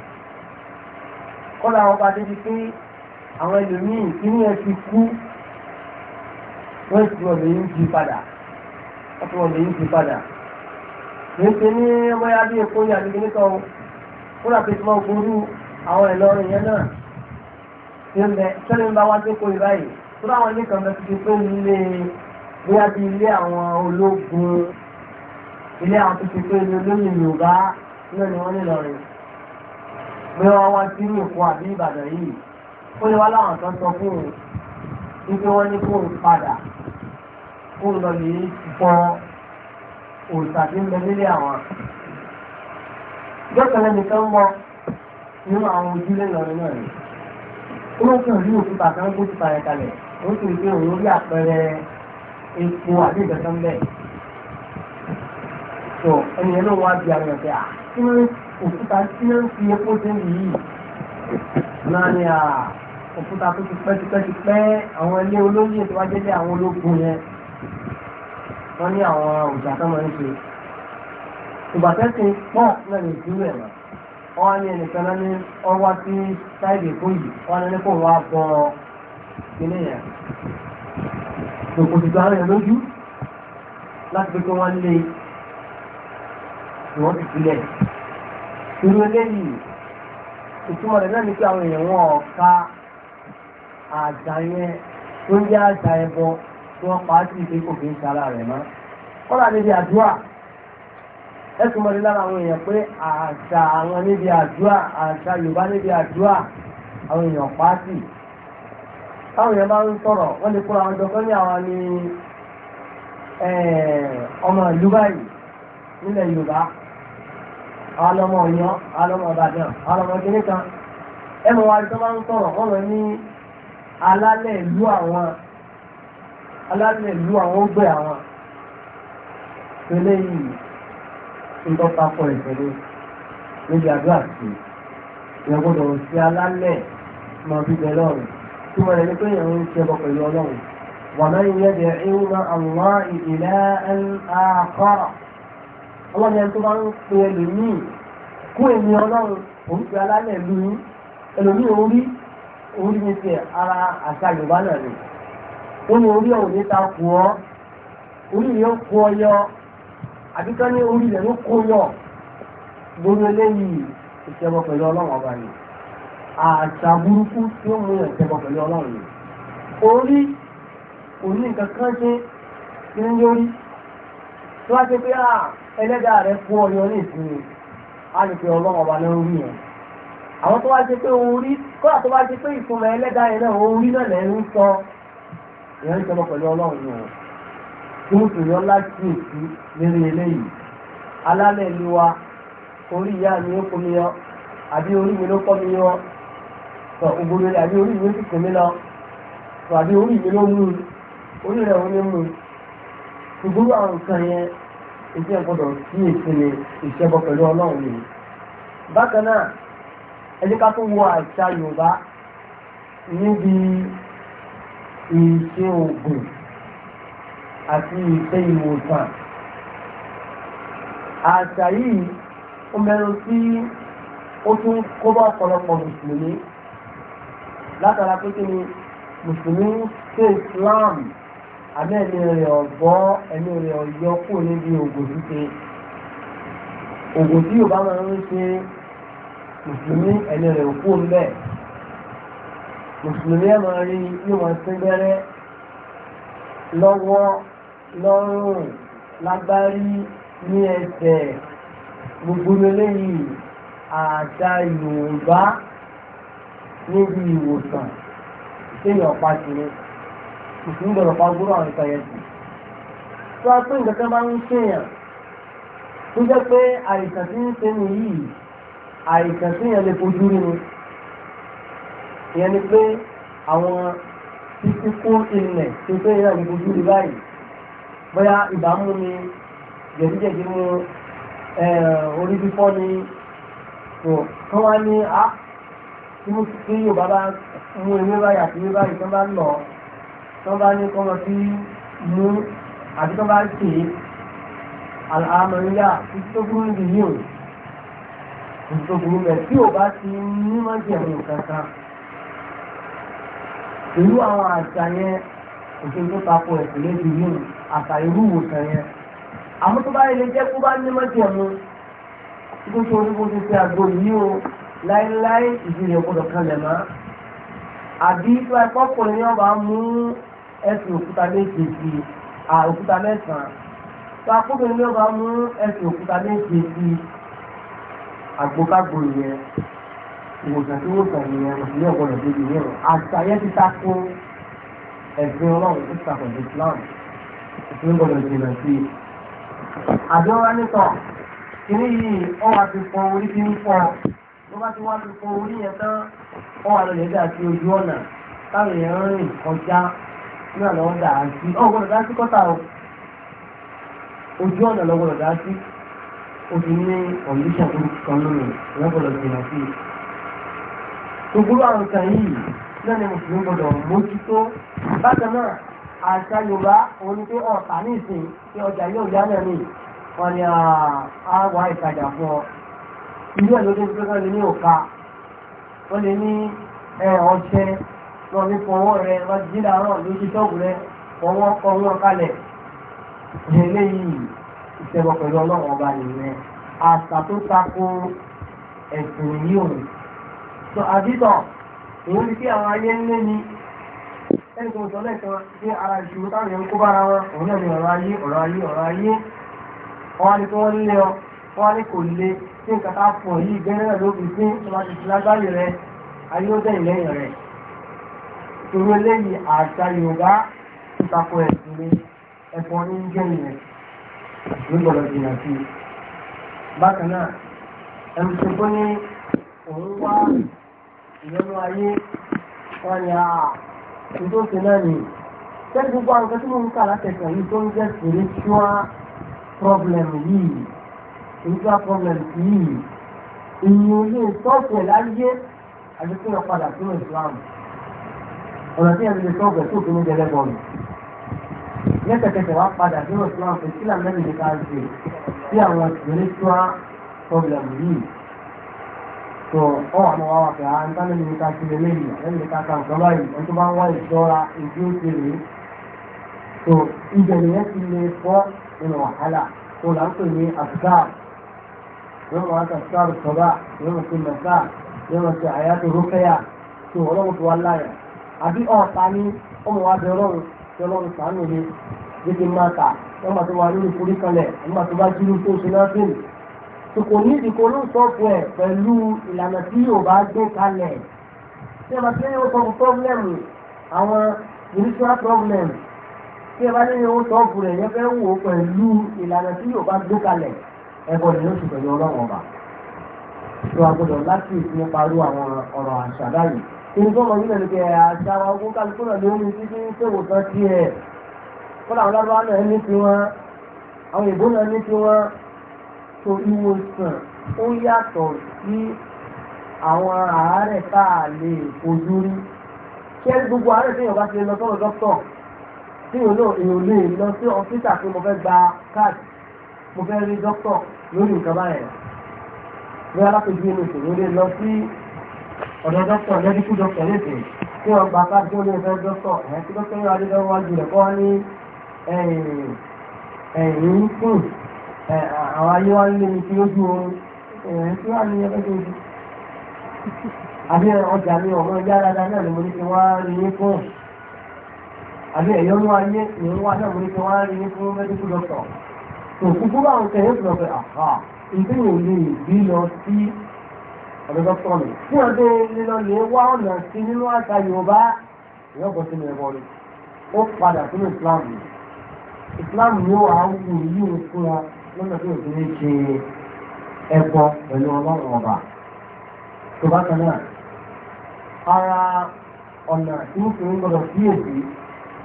Speaker 1: kọ́lá wọn bá débi pé àwọn ẹlòmíì inú ẹ ti kú wọ́n ti ọ̀dọ̀ yìí ń di padà wọ́n ti ọ̀dọ̀ yìí ń di padà kìí ṣe ní bóyá bí èkó yà nígbè níkan o kódà pé tí wọ́n gbúrú àwọn Ìlọrin yẹn náà ṣe ń bẹ sẹ́ni ń bá wá dé kó ìbáyìí kódà wọn ní kàn bẹ́ẹ̀ ti di pé ilé bóyá bí ilé àwọn ológun ilé àwọn tó ti pé ní olóyìn yorùbá náà ni wọ́n nílò rẹ̀ bí wọ́n wá sí ìlú fún àbí ìbàdàn yìí ó lè wá láwọn kan sọ fún un wípé wọ́n ní kó padà kó lọ lè fọ òòṣà tí ń bẹ nílé àwọn. ìjọ kan lẹ́nu kan mọ nínú àwọn ojúlé ìlọrin náà ni ó ló kàn rí òkúta kan kó ti parẹ́ kalẹ̀ ó sì rí pé òun rí àpẹẹrẹ epo àbí ìgbẹ́sán bẹ́ẹ̀ tó ẹnìyẹn náà wá di àwọn ẹ̀fẹ́ à ah, kí ló ń òkúta kí ló ń fi epo sí yìí náà ni à ah, òkúta tó ti pẹ́ ti pẹ́ ti pẹ́ àwọn ilé olóyè tó wá jẹ́ bí àwọn ológun yẹn wọ́n ní àwọn òjà tó máa ń ṣe ìgbà tẹ́sí pọ̀ náà ní ìdúró ẹ̀ náà wọ́n ní ẹnìkan náà ní ọwá sí sáìdì èkó yìí wọ́n ní kó wá bọ́ ilé yẹn òkòtìgbà rẹ̀ lójú láti pé kí wọ́n lé ni wọ́n ti sílẹ̀ irú eléyìí ìtumọ̀ rẹ̀ náà ni pé àwọn èèyàn wọn ọ̀ka àjà yẹn tó ń jẹ́ àjà ẹbọ tí wọ́n pa á sí ìpé kò fi ń sara rẹ̀ mọ́ wọ́n rà níbi àdúrà ẹ̀sùn mọ́lẹ́ lára àwọn èèyàn pé àṣà àwọn níbi àdúrà àṣà Yorùbá níbi àdúrà àwọn èèyàn pa á sí táwọn èèyàn bá ń sọ̀rọ̀ wọ́n lè kóra àwọn jọ̀kọ́ ní àwọn ni ọmọ ìlú báyìí nílẹ̀ Yorùbá àwọn ọmọ ọ̀yọ́ àwọn ọmọ ọ̀bàdàn àwọn ọmọ kìnìún kan ẹ mọ̀ wá rí tó bá ń sọ̀rọ̀ wọ́n mọ̀ ní alálẹ̀ ìlú àwọn alálẹ̀ ìlú àwọn ó gbé àwọn pẹ̀lẹ́ yìí ń tọ́ papọ̀ ìpẹ̀lẹ́ níbi àdúrà sí ìyẹn gbọ́dọ̀ sí alálẹ̀ máa fi bẹ̀ lọ́rùn tí wọ́n rẹ̀ ní pé ìyẹn ń ṣe bọ̀ pẹ̀lú ọlọ́run wàmẹ́yìn yẹ́ ọlọ́ni ẹni tó bá ń pe ẹlòmíì kún èmi ọlọ́run òun fi alálẹ̀ lu yín ẹlòmíì orí orí mi ti ara àṣà yorùbá náà ni ó ní orí ọ̀hún níta kù ọ́ orí rẹ̀ ó kú ọ yọ àbí ká ní orí rẹ̀ ló kó yọ lórí eléyìí ìṣẹ́bọ pẹ̀lú ọlọ́run ọba ni àṣà burúkú tí ó mú ìṣẹ́bọ pẹ̀lú ọlọ́run ni orí òní nǹkan kan ṣe kí ní orí tó wá ṣe pé àà ah, ẹlẹ́dàá rẹ̀ kú ọyọ ní ìsinmi a lè pe ọlọ́run ọba náà rí yẹn àwọn tó wá ṣe pé orí kọ́lá tó wá ṣe pé ìfúnra ẹlẹ́dàá yẹn náà orí náà lẹ́ ń sọ ìyẹn ń sọmọ pẹ̀lú ọlọ́run yẹn tí mo sì yọ láti èsì lérí eléyìí alálẹ̀ ìlú wa orí ìyá mi ó kọmi yọ àbí orí mi ló kọmi yọ sọ ògbóni àbí orí mi ó sì kọmi lọ sọ àbí orí mi ló mú orí rẹ̀ ò ní mú ṣùgbọ́n àwọn nǹkan yẹn iṣẹ́ gbọ́dọ̀ sí ìsinmi ìṣẹ́bọ pẹ̀lú ọlọ́run ni. bákan náà ẹni ká tó wọ àṣà yorùbá níbi ìṣe ògùn àti ìṣe ìwòsàn àṣà yìí ó mẹ́rin sí ó tún kó bá ọ̀pọ̀lọpọ̀ mùsùlùmí látara pé kí ni mùsùlùmí ṣe islam àbẹ́ ẹni rẹ̀ ọ̀gbọ́ ẹni rẹ̀ ọ̀yọ́ kù níbi ògùn ṣíṣe ògùn tí yorùbá máa ń ṣe mùsùlùmí ẹni rẹ̀ òkú ń bẹ̀ mùsùlùmí ẹ̀ máa rí yóò máa sín gbẹ́rẹ́ lọ́wọ́ lọ́rùn lágbárí ní ẹsẹ̀ gbogbo eléyìí àṣà yorùbá níbi ìwòsàn ṣé yọ̀ọ́ pàṣẹ ni mùsùlùmí gbọ́dọ̀ pa gbúrò àwọn nǹkan yẹn sí. tó a pé nǹkan kan bá ń ṣèyàn tó jẹ́ pé àìsàn tí ń ṣe ni yìí àìsàn tí yẹn lè fojú rí ni ìyẹn ni pé àwọn títí kó ilẹ̀ tó pé yẹn lè fojú rí báyìí bóyá ibà ni jẹ̀díjẹ̀dí mú orí fífọ́ ni tó kán wá ní a ah, tí Yorùbá bá mú ewé báyìí àti ewé báyìí tó bá ń lọ tó bá ní kọ́mọ sí mú àti tó bá tì í àmọ̀nyá títí tó burú níbi yìí o títí tó burú bẹ̀ tí ò bá ti ní má jẹ̀mú kankan ìlú àwọn àṣà yẹn òṣèlú tó takò ẹ̀sìn lébi yìí àṣà irú ìwòsàn yẹn àmọ́ tó bá yẹ lè jẹ́ kó bá ní má jẹ̀mú tó tó orí bó ti fi àgbo yìí o láéláé ìdílé ọgbọ́dọ̀ kan lẹ̀ mọ́ àbí tó ẹ̀kọ́ kò ní ọba mú ẹsùn òkúta méje sí òkúta mẹ́sàn-án tó akóbìnrin ní ọba mú ẹsùn òkúta méje sí àgbókágbò yẹn ìwòsàn tí wọ́n sàn yẹn ìpínlẹ̀ ọ̀gbọ́dọ̀ débi yẹn rẹ̀ àṣàyẹ́ ti takò ẹ̀sìn ọlọ́run tó sàkọ̀ ní Islam ìpínlẹ̀ ọ̀gbọ́dọ̀ jìnnà sí i. àjọ wa nítọ̀ kìnní yìí ọ wá ti fọ orí bí ń fọ ló bá ti wá ti fọ orí yẹn tán ọ wà lọ lè dà sí ojú ọ̀nà táwọn èèyàn rìn kọjá ní ọ̀nà wọn dà á sí ọ̀gbọ́dọ̀ dá sí kọ́tà o ojú ọ̀nà lọ́gbọ́dọ̀ dá sí oṣù ní ọ̀yíṣà tó kan lónìí lọ́gbọ́dọ̀ jìnnà sí i. gbogbo àwọn kan yìí náà ni mùsùlùmí gbọdọ̀ mójútó bákan náà àṣà yorùbá òun ni pé ọ̀tà ní ìsìn pé ọjà yóò yá náà ni wọn ni àwa ìtajà fún ọ ilé ẹ̀ ló dé pé wọ́n lè ní òka wọ́n lè ní ọṣẹ lọ ní fọwọ́ rẹ lọ jí dàárọ̀ lójú ṣọ́ọ̀bù rẹ fọwọ́ fọwọ́ kalẹ̀ eléyìí ìṣẹ̀bọ̀ pẹ̀lú ọlọ́run ọba nìyẹn àṣà tó tako ẹ̀sìn yìí òun sọ àdìtọ̀ èyí ni kí ni sọ ara ìṣòro táwọn èèyàn kó bára wọn òun náà ni ọ̀rọ̀ ayé ọ̀rọ̀ ayé ọ̀rọ̀ ayé wọn ni kí wọ́n lé ọ kò lé nǹkan ká yìí irú eléyìí àṣà yorùbá ìtakò ẹ̀sìn ní ẹ̀fọ́ oúnjẹ yẹn nígbọ̀dọ̀ jìnnà sí i bákan náà ẹ̀rù tó kó ní òun wá ìyọnu ayé wọn ni a náà ni tẹ́lẹ̀ gbogbo àwọn kẹ́tí ń kà látẹ̀kọ̀ yìí tó ń jẹ́ spiritual problem yìí spiritual problem yìí ìyìn olè tọ́ọ̀tẹ̀ láyé àti kí wọ́n padà sínú ìsìlámù ọ̀nà tí ẹni lè sọ ọ̀gbẹ̀ tó fi ní jẹlẹ bọ̀ mi. lẹ́sẹ̀kẹsẹ̀ wá padà sí ọ̀sán àwọn fèsìlà mẹ́rin ní ká sí àwọn spiritual problem yìí. tó ọ àwọn wa wà pé à ń tánà ní ká ṣe eléyìí ẹni ní ká ka nǹkan báyìí ẹni tó bá ń wá ìṣọ́ra ìdí ó ṣe rèé. tó ibẹ̀ nìyẹn ti lè fọ́ nínú wàhálà tó là ń pè ní àbùkà yóò máa tàbí ti mẹ́ta yóò rókẹ́yà tó ọlọ́run tó wá láyà àbí ọ̀ọ̀ta ní ọmọ wa bẹ ọlọ́run tí ọlọ́run sàánù mi gbèdé máa kà wọ́n máa tó wà lórí forí kanlẹ̀ wọ́n máa tó bá jírí tó ṣe náà fún mi. Sòkò ní ìdìkò ló ń sọ fún ẹ pẹ̀lú ìlànà tí yóò bá gbé kalẹ̀. Tí ẹ bá ti ní o sọ fún pọ́blẹ́mù àwọn spiritual problem tí ẹ bá ní o sọ fún rẹ̀ yẹn fẹ́ wò ó pẹ̀lú ìlànà tí yóò bá gbé kalẹ̀ ẹ̀kọ́ ni yóò sì pẹ̀lú ọlọ́wọ́n ọba. Ìṣòro àgbọ̀dọ̀ láti ìsinmi nǹkan mọ̀ nílẹ̀ lókè àṣà àwọn ogun kálukú náà lórí títí ṣòwò kan sí ẹ̀ kọ́lá àwọn lábáwá náà ní ti wọn àwọn ìbò náà ní ti wọn tó ìwòsàn ó yàtọ̀ sí àwọn àárẹ̀ tá a lè fojú rí ṣé gbogbo àárẹ̀ tí èèyàn bá ti lọ sọ́rọ̀ dókítà tí èèyàn lè lọ sí ọ́fíìsà pé mo fẹ́ gba káàdì mo fẹ́ rí dókítà lórí nǹkan báyẹn bí inú ìṣòro lè lọ sí ọ̀dọ̀ dọ́kítọ̀ lẹ́díkù dọ́kítọ̀ lẹ́sẹ̀ tí wọ́n gba káàdì tó lè fẹ́ dọ́kítọ̀ ẹ̀ tí dọ́kítọ̀ yóò adé lọ́wọ́ ju rẹ̀ kọ́ ní ẹ̀yìn kùn àwọn ayé wa ń lé mi kí lójú oorun ẹ̀yìn tí wà ní ẹgbẹ́ tó ju. àbí ọjà mi ọmọ ẹgbẹ́ aráda náà ni mo ní kí wọ́n rí ní ọ̀dọ́dọ́ sọ mi fún ẹgbẹ́ nínú lè wá ọ̀nà sí nínú àṣà Yorùbá ìyọ́bọ̀ sínú ẹ̀bọ ni ó padà sínú Islam ni Islam ni ó wàá wù yíò fún wa lọ́nà tó ti ní ṣe ẹ̀kọ́ pẹ̀lú ọlọ́run ọba tó bá kan náà ara ọ̀nà tí ó fi ń gbọdọ̀ kíyèsí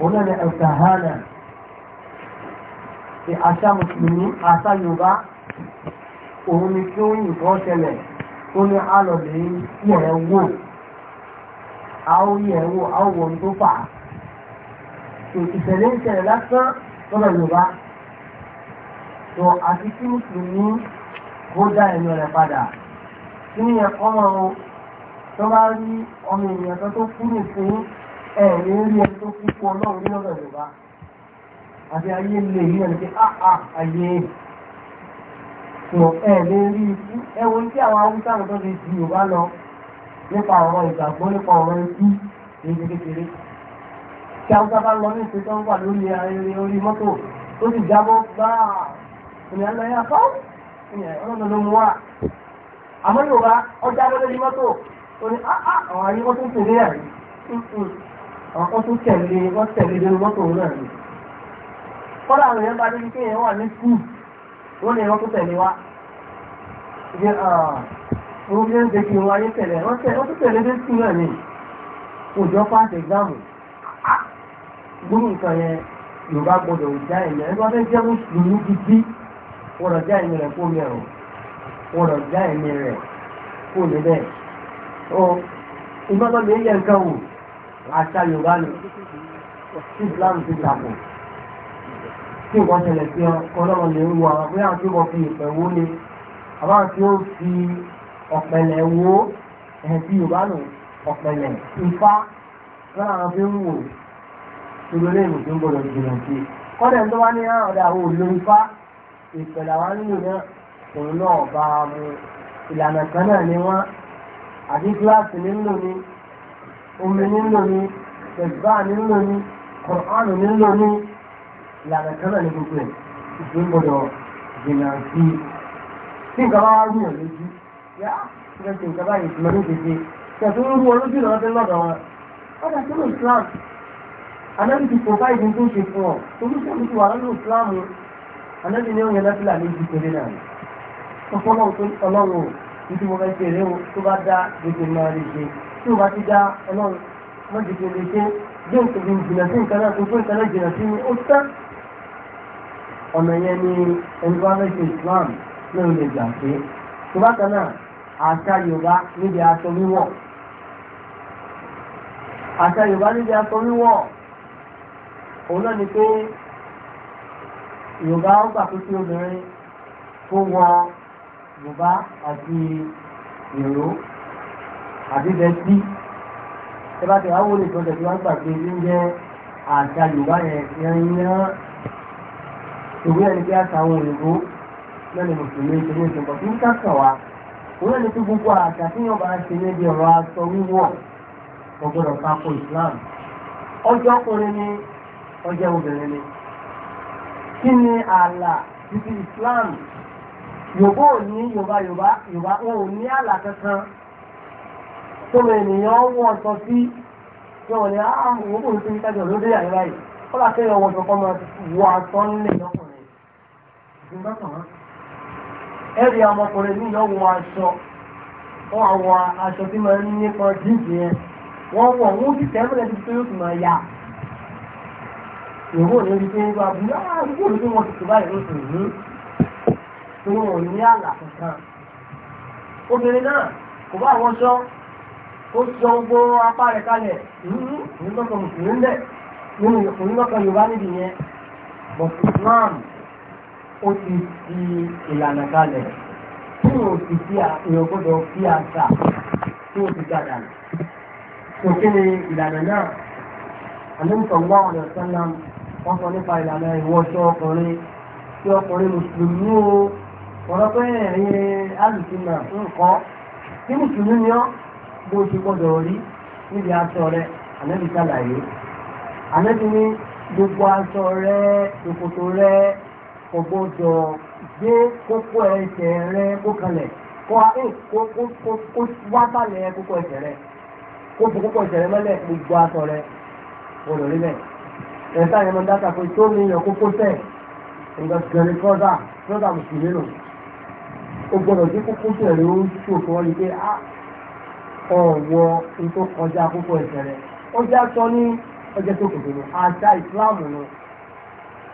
Speaker 1: òun náà ni ẹ̀ka hánà ti àṣà mùsùlùmí àṣà Yorùbá òun ni kí ó yìnbọn ṣẹlẹ̀ tó ní alọ̀lẹ̀ yẹ̀ wò àwọn tó fà á ìṣẹ̀lẹ̀ ìṣẹ̀lẹ̀ lásán lọ́dọ̀ Yorùbá tó àti kí mùsùlùmí kó dá ẹ̀mí rẹ̀ padà kí ni ẹ̀kọ́ tó bá rí ọmọ ènìyàn tó tó fún ẹ̀rí rí ẹni tó kú fún ọlọ́run lọ́dọ̀ Yorùbá àti ayé lè rí ẹni pé áà ah, ah, ayé tó ẹ lè rí ikú ẹwọ tí àwọn haúsá tó lè di yorùbá lọ nípa ọ̀rọ̀ ìgbàgbọ́ nípa ọ̀rọ̀ ikú èyí kékeré tí haúsá bá lọ ní ìpè tó ń wà lórí ayẹyẹ orí mọ́tò tó sì jábọ́ gbáà ìrìn àlọ́ yà fọ́ ọlọ́dọ̀ ló mú wá àmọ́ yorùbá ọjà lórí mọ́tò ó ní ah, ah, àwọn ayé mọ́tò ń tẹ̀lé àrí mm, mm. àwọn kan tó wà wọ́n ní wọ́n tún tẹ̀lé wa ìgbẹ́ wọ́n fi ń dekí wọn ayé tẹ̀lé wọ́n tún tẹ̀lé dé sí náà ní òjò pàṣẹ gbàmù gbóhùn nǹkan yẹn Yorùbá gbọdọ̀ já ẹ̀yẹ ẹni wọ́n fẹ́ jẹ́ mùsùlùmí gidi wọ́n lọ já ẹ̀yẹ rẹ̀ kó mẹ́rùn wọ́n lọ já ẹ̀yẹ rẹ̀ kó lè bẹ́ẹ̀ ọ ìgbọ́dọ̀ mi yẹ nǹkan wò àṣà Yorùbá ni Islam ti dàpọ̀ tí nǹkan ṣẹlẹ̀ sí ọlọ́run lè wọ àwọn bí àwọn tí wọ́n fi ìpẹ̀ ni àbáwọn tí ó fi ọ̀pẹ̀lẹ̀ wó ẹ̀hìn tí yorùbá nù ọ̀pẹ̀lẹ̀ ifá láwọn fi ń wò ìlú ilé ìwòsàn ń gbọdọ̀ jìnnà sí i kọ́dẹ̀ tó wá ní ọ̀dà àwọn òòlù ifá ìpẹ̀lẹ̀ àwọn nílò náà òun náà bá a mú ìlànà kan náà ni wọ́n àbí gíláàsì nílò ni omi nílò ni tẹ̀síbáà nílò ni kọ̀ọ̀ánù nílò ni ìlànà kan náà ní gbogbo ẹ̀ ìṣe ń gbọdọ̀ jìnnà sí i tí nǹkan bá rí ọ̀ lójú yá ṣe ṣe nǹkan báyìí ìṣúná ní gbèsè ṣètò ń rú olójú lọ́wọ́ tó lọ́dọ̀ wọn wọ́n dà sínú Islam anábì ti provide ní tó ṣe fún ọ solúṣọ́n ti wà lọ́dún Islam anábì ní òun yẹn lọ́sílà ní ìdí péré náà ọ̀pọ̀lọpọ̀ ọlọ́run ìdí mo fẹ́ ṣe eré o tó bá dá gbèsè náà lè ṣe tí o bá ti dá ọlọ́run wọ́n ti lè ṣe bí òkè jìnnà sí nǹkan náà tó fún nǹkan náà jìnnà sí ni ó tán ọ̀nà yẹn ni ẹni bá fẹ́ ṣe Islam náà lè gbà pé tó bá kan náà àṣà Yorùbá níbi aṣọ wíwọ̀ àṣà Yorùbá níbi aṣọ wíwọ̀ òun náà ni pé Yorùbá ó gbà pé kí obìnrin kó wọ Yorùbá àti ìró àti bẹ́tí ẹ bá tẹ̀ wá wọlé tó tẹ̀ tí wọ́n gbà pé ní jẹ́ àṣà Yorùbá yẹn yẹn yẹn ìwé ẹni bí àtàwọn òyìnbó lẹ́nu mùsùlùmí ṣe ní ìṣẹ̀kọ̀ tí ń kàkà wá òun ẹni tó gbogbo àṣà tí yóò bá ṣe níbi ọ̀rọ̀ aṣọ wíwọ̀ ọgbọ́dọ̀ tako Islam ọjọ́ ọkùnrin ni ọjọ́ obìnrin ni kí ni ààlà títí Islam Yorùbá ò ní Yorùbá Yorùbá Yorùbá wọn ò ní ààlà kankan tó lè nìyàn wọ̀ sọ sí tí wọ́n ní àwọn ah, òun kò ní sí ní kájọ lóde àyíká yìí kọ́lá kéèyàn wọ̀ sọ kọ́ máa wọ aṣọ ńlẹ̀ lọ́kùnrin ní ọmọkùnrin ní ìyọ́wò aṣọ wọ́n àwọ aṣọ tí máa ń nípa jíǹsì yẹn wọ́n wọ̀ wọ́n ti tẹ́ mọ́lẹ̀ tí yóò tún máa yà ìwọ ní ibi ah, tí wọ́n bá bu àdúgbò ní tí wọ́n ti tún báyìí lóṣù ní tí wọ́n ní àlà kankan obìnrin náà kò bá àwọn ṣọ́ ó sọ gbogbo apá rẹ̀ kalẹ̀ hmm, hmm, ní lọ́kàn mùsùlùmí bẹ́ẹ̀ nínú ìkùnrin lọ́kàn Yorùbá níbi yẹn bọ̀ Islam ó ti fi ìlànà kalẹ̀ tí o sì fi èèyàn gbọ́dọ̀ fi àṣà tí o ti gbàdà nù. tó kí ni ìlànà náà àlùmọ̀tàn wà ọ̀nà sọ́nà wọ́n sọ nípa ìlànà ìwọṣọ ọkùnrin tí ọkùnrin mùsùlùmí o ọ̀rọ̀ pé ẹ̀yin alùsùnà nǹkan tí mùsùlùmí ni ọ́ bó ti gbọ́dọ̀ rí níbi aṣọ rẹ ànábì sàlàyé ànábì ní gbogbo aṣọ rẹ ìkòtò rẹ kò gbọ́dọ̀ gbé kókó ẹsẹ̀ rẹ kó kalẹ̀ kó eh, wá sálẹ̀ kókó ẹsẹ̀ rẹ kó bu kókó ẹsẹ̀ rẹ mọ́lẹ̀ gbogbo aṣọ rẹ gbọ́dọ̀ rí bẹ́ẹ̀. ẹ̀ka yẹn mo ń dáta pé tó mi yàn kókó tẹ̀ nǹkan gẹ̀rẹ́ kọ́dà kọ́dà mùsùlùmí nù. o gbọ́dọ̀ gbé kókó tẹ̀ rẹ ó ṣòfò wọn ni pé a ah, ọ̀wọ́ n tó kọjá kókó ẹsẹ̀ rẹ ó já sọ ní ọjọ́ tó kòtò ní àṣà ìsìláàmù nù.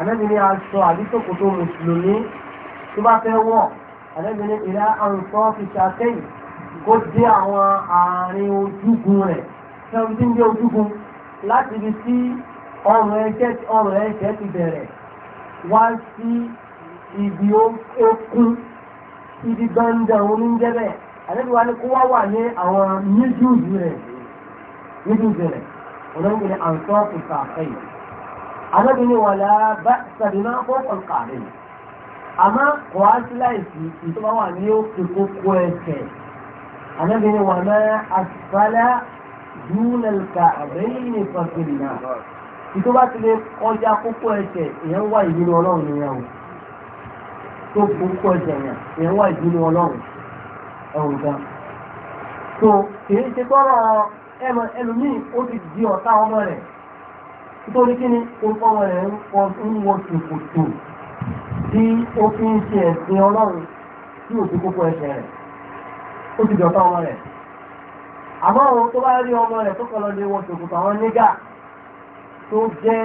Speaker 1: ànábi ní aṣọ àdìsòkò tó mùsùlùmí tó bá fẹ́ wọ̀ ànábi ní ìlà àrùntọ́ fi ṣàtẹ́yìn kó dé àwọn àárín ojúgun rẹ̀ sẹ́wọ́n tí ń dé ojúgun láti ibi tí ọrùn ẹ̀jẹ̀ ti bẹ̀rẹ̀ wá sí ibi okun ibi gbọ́ndẹ̀ oníjẹ́ bẹ́ẹ̀ ànábi wa kó wá wà ní àwọn níjúùjú rẹ̀ níjúùjú rẹ̀ ọ̀nà ń fi ṣàtẹ́yìn anábì ní wọ̀lá bá sàbímá fọ́pọ̀ kàrí àmá kọ́ á sí láìsí ìtọ́bá wà ní òkè kókó ẹsẹ̀ anábì ní wà náà àsálà dúnàlùkà àbẹ́yìn ní pàṣẹlì náà ìtọ́bá ti lè kọjá kókó ẹsẹ̀ ìyẹn wà ìbínú ọlọ́run ní ẹ̀wọ̀n tó kókó ẹsẹ̀ nítorí kí ni orúkọ rẹ̀ ń wọ ṣòkòtò tí ó fi ń ṣe ẹ̀sìn ọlọ́run tí ò fi kókó ẹsẹ̀ rẹ̀ ó ti dọ̀tá ọmọ rẹ̀ àmọ́ òun tó bá rí ọmọ rẹ̀ tó kọ́ lọ lé wọ ṣòkòtò àwọn nígà tó jẹ́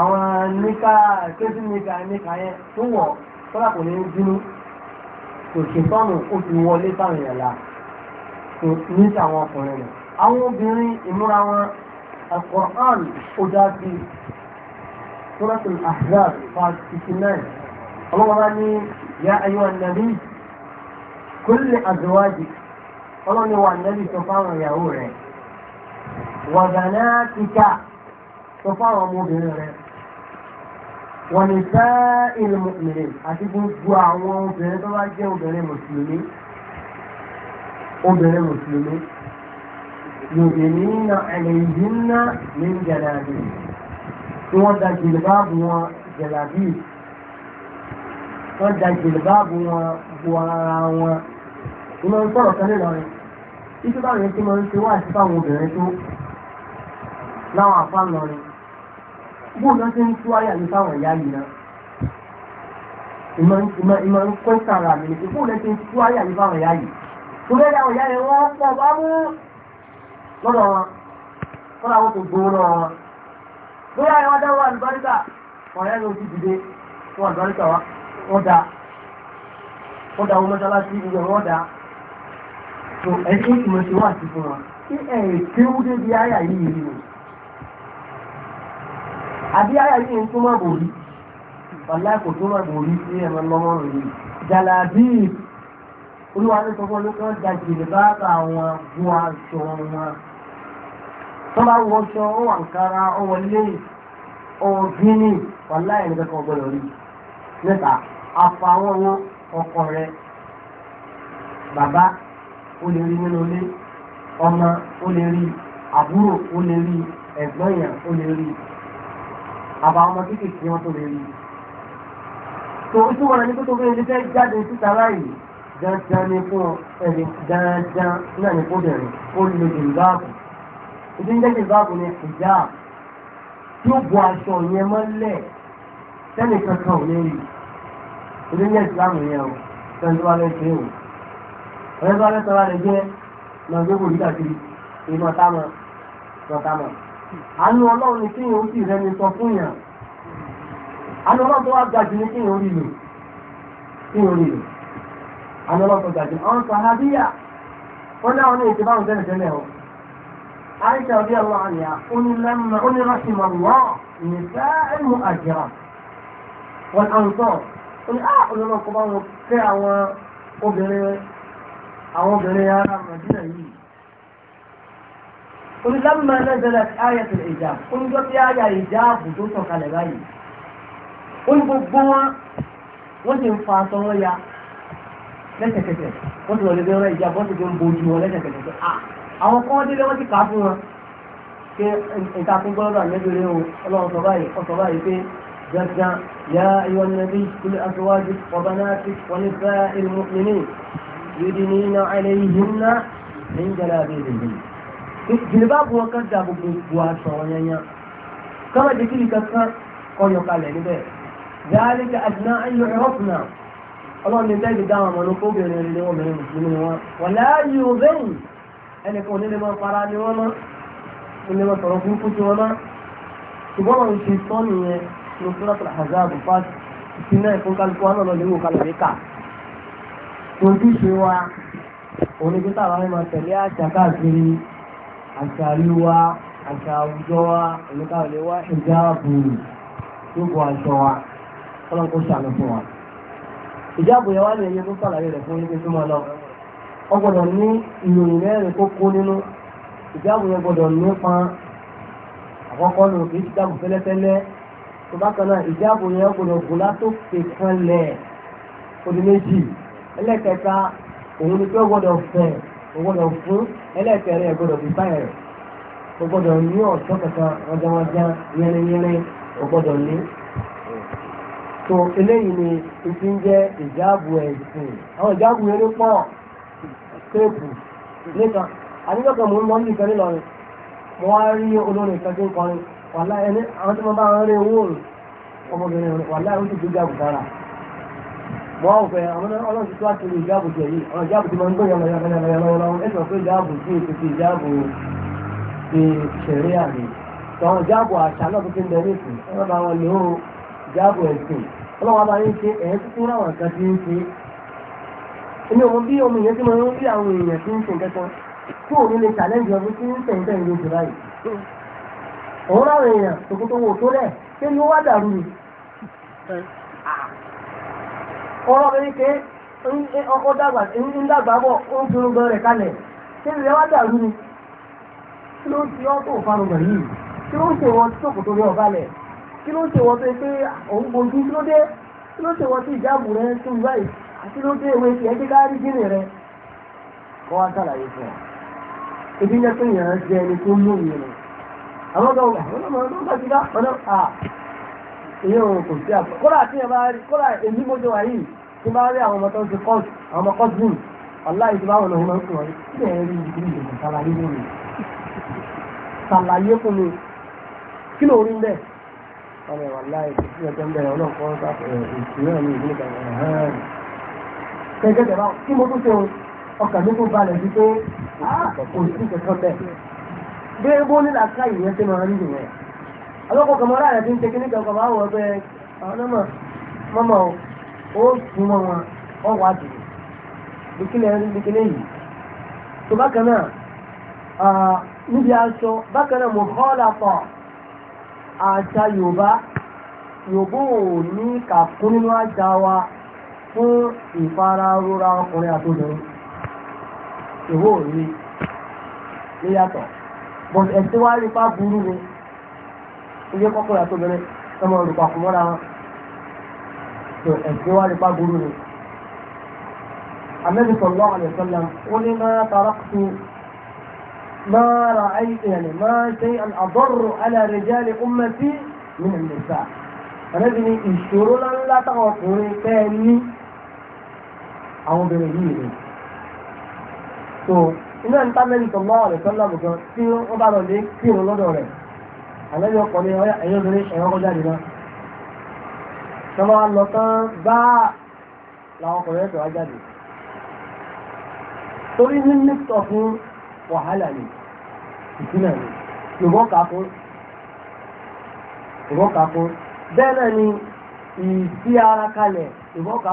Speaker 1: àwọn níkà kéjì níkà níkà yẹn tó wọ̀ tọ́lá kò ní bínú kò ṣe tọ́nù ó ti wọlé sáwọn èèyàn ní Al-Qur'an ó dá sí Suratul Ahzab part fifty nine ọlọ́wọ́lá ní yá ayọ́ ànábì kulli azwaji ọlọ́ni wà ànábì sọ fáwọn ìyàwó rẹ̀ wa banatika sọ fáwọn ọmọbìnrin rẹ̀ wọ́n ní nisa'il mu'minin àti gbogbo àwọn obìnrin tó bá jẹ́ obìnrin mùsùlùmí obìnrin mùsùlùmí. يؤمنين عليهن من جلابيب tí wọ́n da jìlbáàbù wọn jẹ̀làbíì wọ́n da jìlbáàbù wọn bu ara wọn iná ń sọ̀rọ̀ kan nílọrin títí báwọn yẹn tí mo ń ṣe wá sí fáwọn obìnrin tó láwọn àfa ńlọrin bóun náà ti ń tú àyà ní fáwọn ìyá yìí náà ìmọ̀ ń kọ́ sára mi ní bóun náà ti ń tú àyà ní fáwọn ìyá yìí tó lẹ́yìn àwọn ìyá yẹn wọ́n pọ̀ bá mú lọ́dọ̀ wọn fúnra wọn kò gbowó lọ́wọ́ wọn. bóyá ẹ wá dáwọ́ àlùbáríkà ọ̀rẹ́ ló ti dìde fún àlùbáríkà wa wọ́n da wọ́n da wọn mọ́sálásí ìgbẹ́ wọ́n da tó ẹ̀sìn ìmọ̀ sí wà sí fún wọn. kí ẹ̀ kéwú dé bí àyà yìí yìí nù. àbí àyà yìí ń túmọ̀ bò rí wàlá kò túmọ̀ bò rí sí ẹ̀mọ́ lọ́wọ́ rẹ̀ yìí. jàlábí olúwa ló sọ ló kọ́ da jìnnìbá àwọn bu aṣọ wọn tó bá wọṣọ ó wà nkara ó wọlé ọ̀gbìnì wàlá ẹ̀ nígbà kan gbọ́dọ̀ rí níta afọwọ́wọ́ ọkọ rẹ bàbá ó lè rí nínú ilé ọmọ ó lè rí àbúrò ó lè rí ẹ̀gbọ́n yẹn ó lè rí àbá ọmọ kéékèèké wọn tó lè rí tó o túbọ̀ ní kótó fún ilé fẹ́ jáde síta láàyè dandan ni fún ẹni dandan náà ni bẹ̀rẹ̀ ó lè dè láàbù ìdí ń jẹ́jẹ́ báàbù ni ìjà tí ó bu aṣọ yẹn mọ́lẹ̀ sẹ́ni kankan ò ní rí ìdí ń jẹ́ ìsìlámù yẹn o sẹ́ni tó bá lẹ́ ṣe o ọ̀rẹ́ tó bá lẹ́ sọ́ra rẹ̀ jẹ́ náà gbé wòlíì kàkiri ìmọ̀ táwọn sọ̀tàmọ̀ àánú ọlọ́run ni kí yóò sì rẹni sọ fún yàn àánú ọlọ́run tó wá gàjù ní kí yóò rí lò kí yóò rí lò àánú ọlọ́run tó gàjù àwọn sàhábíyà wọn náà wọn ní ètò báwọn tẹ́lẹ̀ tẹ́lẹ̀ o. عائشة رضي الله عنها قل لما قل رحم الله نساء المؤجرات والأنصار قل أعقل من قبام وكع وقبري أو قبري يا مدينة يجي قل لما نزلت آية الإجاب قل جت آية إجاب وجوتك على بالي قل بقوة وجن فاطمة يا ليس كتير قلت له لبيرة إجاب وجن بوجوه ليس كتير آه àwọn kan délé wọ́n ti kà á fún wọn pé ìtàkùn gbọ́dọ̀ àmẹ́bìnrin o ọlọ́run sọ báyìí ọ sọ báyìí pé dandan ya ayọ̀ nàbí kul azwajik wa banatik wa nisa'il mu'minin yudnina alayhinna min jalabibihin. jìnnìbá bu wọn kan dà gbogbo bu aṣọ wọn yẹn yẹn kọ́mọ̀ jẹ́ kí ni kankan kọyọ̀ kalẹ̀ níbẹ̀ ní tẹ́lẹ̀ dáhùn ọmọ ẹnìkan onílé máa fara ní wọ́n náà onílé máa sọ̀rọ̀ burúkú tí wọ́n náà ṣùgbọ́n wọn ṣe tọ́ nìyẹn ní sọ́dọ̀tà àzáàbù fáàt ti náà fún kálukú wa náà lọ léwu kálukú kà ojúṣe wa òun ni pété àwọn máa tẹ̀lé àṣà káàkiri àṣà àríwá àṣà àwùjọ wa oníkàwé wa ìjáàbù yóò bọ aṣọ wa kọ́lọ́kọ́ ṣàlùfọ́ wa ìjáàbù yẹn lè yẹ kó sàlàyé rẹ̀ fún yín pé wọ́n gbọ́dọ̀ ní ìròyìn mẹ́rin tó kó nínú ìjáàbù yẹn gbọ́dọ̀ nípa àkọ́kọ́ lò kì í ìjáàbù fẹ́lẹ́fẹ́lẹ́ tó bá kan náà ìjáàbù yẹn gbọ́dọ̀ gùn látòkè kan lẹ̀ odi méjì ẹlẹ́kẹta òun ni pé gbọ́dọ̀ fẹ̀ gbọ́dọ̀ fún ẹlẹ́kẹrẹ gbọ́dọ̀ fi báyẹ̀ gbọ́dọ̀ ní ọ̀ṣọ́ kankan rọjàrọjà yẹrinyẹrin gbọ́dọ̀ ní. tó eléyìí ni ìfi ń jẹ́ ìjáàbù ẹ̀sìn àwọn ìjáàbù yẹn ní pọ̀ téèpù nìkan àdìgbàkan mò ń lọ nìkan nílọrin mo wá rí olórin kan tó ń kọrin wàhálà ẹni àwọn tí mo bá ń rí owó rè ọmọbìnrin rẹ wàhálà ó sì tó jáàbù sára òfẹ àwọn ti tó kiri ìjáàbù tẹ̀ yìí àwọn ìjáàbù ti máa ń gbóyàn lọ́yà lọ́yà lọ́yà lọ́wọ́ ẹ̀sìn ọ̀pẹ sí ètò ti ti ṣẹ̀rí àmì àṣà náà tó ti ń bẹ ní ìsìn èmi òun bí ọmọ èèyàn tí mo ń rí àwọn èèyàn tí ń sìn kẹ́kọ̀ọ́ tí òun lè challenge ọdún tí ń sìn sẹ́yìn lóṣù báyìí. òun láwọn èèyàn tòkó wò tó rẹ̀ ṣé ni ó wá dàrú ni. ọ̀rọ̀ mi ké ọkọ̀ dàgbà ń dàgbà bọ̀ ó ń tunu gan rẹ̀ kalẹ̀ ṣé ni wá dàrú ni. kí ló ń ti ọ́ tó gbà yìí kí ló ń ṣe wọn tókò tó rí ọ̀gá lẹ̀ kí ló ń ṣe wọn tó pé òun bojú kí ló dé kí ló ṣe wọn tó ìjáàbù rẹ̀ tó báyìí àti ló dé ìwé tiẹ̀ ti kárí gíní rẹ̀ kọ́ wá sàlàyé fún ọ. Ibi ń jẹ́ pé ìyàrá jẹ ẹni tó mú ìyẹn rẹ̀. Àwọn ọ̀gá ọ̀gá ọ̀gá ọ̀gá ti ká ọ̀nà à ìyẹn òun kò sí àpò. Kọ́lá àti ẹ̀bá rí kọ́lá èmi mojú wa yìí tí bá rí àwọn ọmọ tó ń ṣe kọ́ọ̀sì àwọn ọmọ kọ́ọ̀sì bùn aláì tí báwọn ọmọ ń sọ̀rọ̀ kí ẹ̀ rí ibi ìdìbò fún mi. kí ló rí bẹ́ẹ̀? Ọmọ ìwà láì tí ó jẹ́ ń bẹ̀rẹ̀ ọlọ́kọ́ gẹ́gẹ́ bẹ̀rẹ̀ báwọn kí mo tún ṣe ọkàn mi tún balẹ̀ wípé ah, kò sí kankan bẹ́ẹ̀. bí ebó nílà ká ìyẹn ṣe máa ń rìn yẹn alọ́kọ̀ kan mọ́ra rẹ̀ ti ń ṣe kíní kan kọ̀ọ̀bá wọ̀ ọbẹ̀ àwọn ọmọ mọ́mọ́ ó sùn mọ́ wọn ọ wà dùn bí kílẹ̀ ń bí kílẹ̀ yìí. tó bákan fún ìfararora ọkùnrin àtòbìnrin ìwò òní ní yàtọ̀ but ẹ̀sìn wá rí pa burú ni ilé kọ́kùnrin àtòbìnrin ọmọ olùpapọ̀ mọ́ra wọn tó ẹ̀sìn wá rí pa burú ni. النبي صلى الله عليه وسلم قل ما تركت ما رأيت يعني ما شيئا أضر على رجال أمتي من النساء فنبني الشرور لا تغفر تاني àwọn obìnrin yìí ni so iná níta mẹ́rin tọ́gbọ́ ọ̀rẹ́ sọ́lá bùkan tí wọ́n bá lọ lé kírun lọ́dọ̀ rẹ̀ àlẹ́ yọ ọkọ̀ ní ẹ̀yọ́ obìnrin ẹ̀yọ́ kọjá nìkan tọ́wọ́ lọ tán bá làwọn ọkùnrin ẹ̀sọ̀ wá jáde torí ní mixtọ̀ fún wàhálà ni ìpínlẹ̀ ni ìwọ́n kà fún ìwọ́n kà fún bẹ́ẹ̀ náà ni ìdí ara kalẹ̀ ìwọ́n kà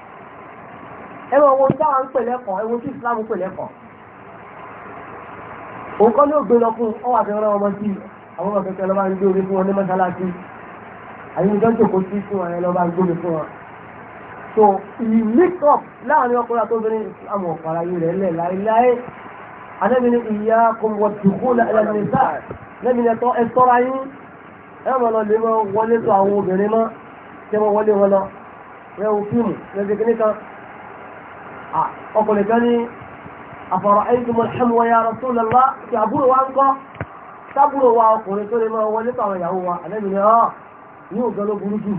Speaker 1: ẹwọ wo táwa ń pè lẹ́kọ̀ọ́ ẹwọ tí Islam ń pè lẹ́kọ̀ọ́ òun kọ́ ní ògbé lọ fún ọwọ́ àfẹ́rẹ́ ọmọ sí àwọn ọmọ kẹkẹ lọ́ba ń gbé so ìmíkọ̀ láàrin ọkùnrin àti obìnrin Islam ọ̀pọ̀ ayé rẹ̀ lẹ̀ láéláé anẹ́bìnrin ìyá kọmọdùkú ẹlẹ́mìnira lẹ́bìnrin ẹ̀tọ́ ẹ̀tọ́ra yín ẹ mọ̀ lọ lè mọ wọlé tó àwọn obìnrin mọ́ kí wọ́n wọlé wọn lọ rẹ̀ òfin ọkùnrin kan ní àfọ̀rọ̀ ẹ̀dùnmọ̀ ẹ̀mùwẹ̀ ya Rasulullah ti àbúrò wa ń kọ́ sábúrò wa ọkùnrin tó lè máa wọlé pàwọn ìyàwó wa àlẹ́mìnira ah, ọ̀ ní ògan ló burú jù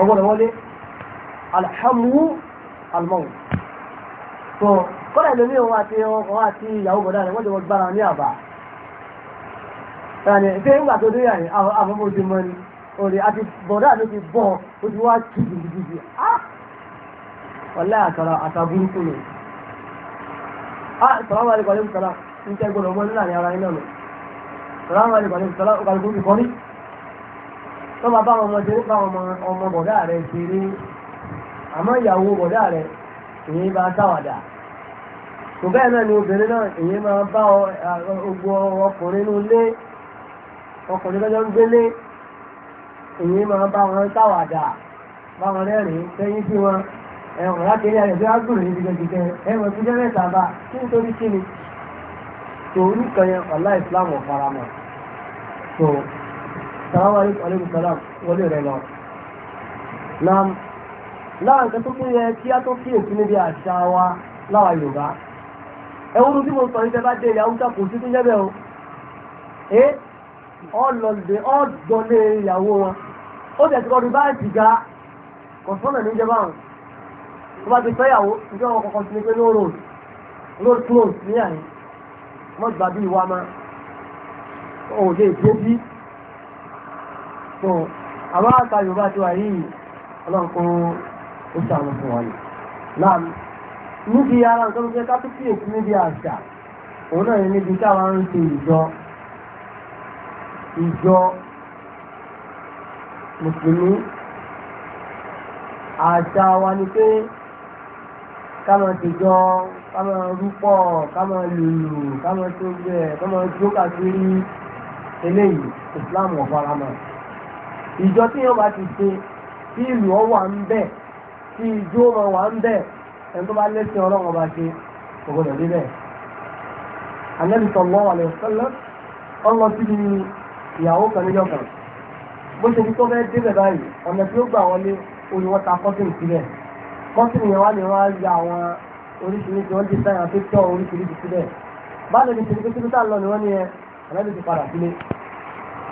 Speaker 1: ọgbọ́n wọlé alhamdu almọ́wù tó kọ́lá ìlú mìíràn wá àti ọkọ̀ àti ìyàwó bọ̀dá rẹ̀ wọ́n jọ gbára ní àbá ẹni ìfẹ́ ìgbà tó dé yàrá ọ̀lá àtàrà àtàbúrúkú ni ah, sàlámù alẹ́ kọ́lé sàlá ń tẹ́ gbọ́dọ̀ ọmọ nílànà ara iná nù sàlámù alẹ́ kọ́lé sàlá ó kàlùkù ti kọ́rí tó máa bá ọmọ ṣe bá ọmọ bọ̀dá rẹ̀ ṣe rí àmọ́ ìyàwó bọ̀dá rẹ̀ èyí bá sáwàdà kò ni obìnrin náà èyí máa bá ogbó ọkùnrin nínú ilé ọkùnrin lọ́jọ́ ń gbélé èyí máa bá wọn sáwàdà bá wọn rẹ́rìn-ín ẹ̀wọ̀n lákẹ́lẹ́ rẹ̀ bí wọ́n gbòòrò níbi gẹ́gẹ́ ẹ̀wọ̀n tó jẹ́ mẹ́ta bá kí nítorí kí ni tó oníkan yẹn ọ̀la ìsìlámù ọ̀faramọ̀ tó sàlámà aleykum sàlám wọlé rẹ lọ. láàrín kan tó tún yẹ kí á tó kíyèsí níbi àṣà wa láwa Yorùbá ẹ̀wọ̀n tí mo sọ ní sẹ́fà dé ilẹ̀ Haúsá kò sí tún jẹ́bẹ̀ o ẹ ọlọ́lẹ̀ ọ̀dọ́lẹ̀ ìyàwó wọn ó tẹ̀síkọ́ ọdún bá jìgá kọ̀sọ́nà níjẹba àwọn tó bá ti fẹ́ ìyàwó ìjọ wọn ti ní pé no road close ní àyè wọ́n gbà bí ìwà máa ò lè dé bí tó àwọn àta Yorùbá ti wà yìí ọlọ́nkún ó ṣàwọn fún wọn náà níbi ara nǹkan ló jẹ́ ká tó kíyèsí níbi àṣà òun náà ní níbi táwa ń ṣe ìjọ ìjọ mùsùlùmí àṣà wa ni pé káma tẹjọ káma rúpọ káma lòlò káma tó bẹ káma jó kàkiri eléyìí islam ọ̀farama ìjọ tí yóò bá ti ṣe tí ìlú ọ wà ń bẹ tí ìjọ ọmọ wà ń bẹ ẹni tó bá lẹ́sìn ọlọ́run ọba ṣe ògbọ́dọ̀ débẹ̀ Ànábì sallallahu alaihi wasallam ọlọ sí ni ìyàwó kan níjọ kan bó ṣe ní tó fẹ́ débẹ̀ báyìí ọ̀nà tí ó gbà wọlé olùwọ́ta kọ́sìn sílẹ̀ bọ́sìn yẹn wá lè wá ya àwọn oríṣiríṣi wọ́n ti sáyà píktọ̀ oríṣiríṣi síbẹ̀ bá lè ṣe pé títí lọ ni wọ́n ní ẹ àlejò ti padà sílé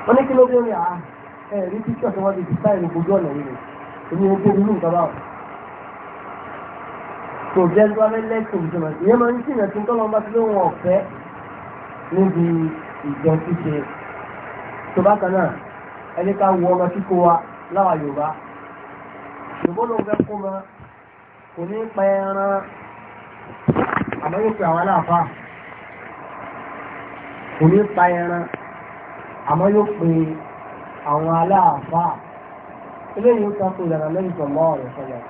Speaker 1: wọ́n ní kí ló dé ní à ah, ẹ rí píktọ̀ tí wọ́n ti sáyà ní gbogbo ọ̀nà yìí èmi ò gbé irú nǹkan báwọn. kò jẹ́ tó wá lẹ́lẹ́kùn ìjọba ìyẹn máa ń ṣìnà tí tọ́lọ́ bá ti wọn ọ̀fẹ́ níbi ìjọ ṣíṣe tó bá kan náà ẹni ká wọ ọmọ kíkó wa láwa Yorùbá Yorùbá ló ń fẹ́ kó máa kò ní pa ẹran àmọ́ yóò pe àwọn aláàfáà kò ní yóò pe àwọn aláàfáà eléyìí ó tako ìlànà lẹ́yìn tọ̀mọ́ ọ̀rọ̀ sọ̀rọ̀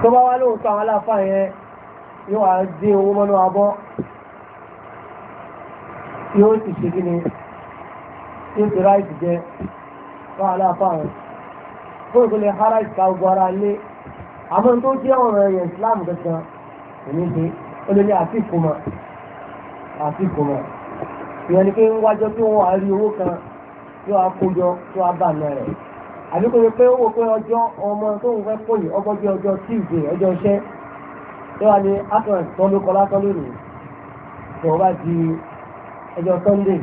Speaker 1: tó bá wá lóòótọ́ àwọn aláàfáà yẹn yóò dé owó mọ́nú abọ́ yóò sì ṣe kí ni yóò ti ráìtì jẹ fún aláàfáà fún ìpínlẹ̀ hara ìka ogun ara lé àmọ́ tó jẹ́ ọ̀rọ̀ ẹ̀yẹ islam kankan òní ṣe ó lè ní àfikùnmọ̀ àfikùnmọ̀ ìyẹn ni pé ń wájọ tí wọ́n á rí owó kan tí wọ́n á kójọ tí wọ́n á bà náà rẹ̀ àbí kò yẹ pé ó wò pé ọjọ́ ọmọ tó ń fẹ́ pòyì ọgbọ́n bí ọjọ́ tíìdì ọjọ́ iṣẹ́ tí wọ́n á ní akọ̀rẹ̀ tán ló kọ́ lásán lónìí tí wọ́n bá di ọjọ́ sunday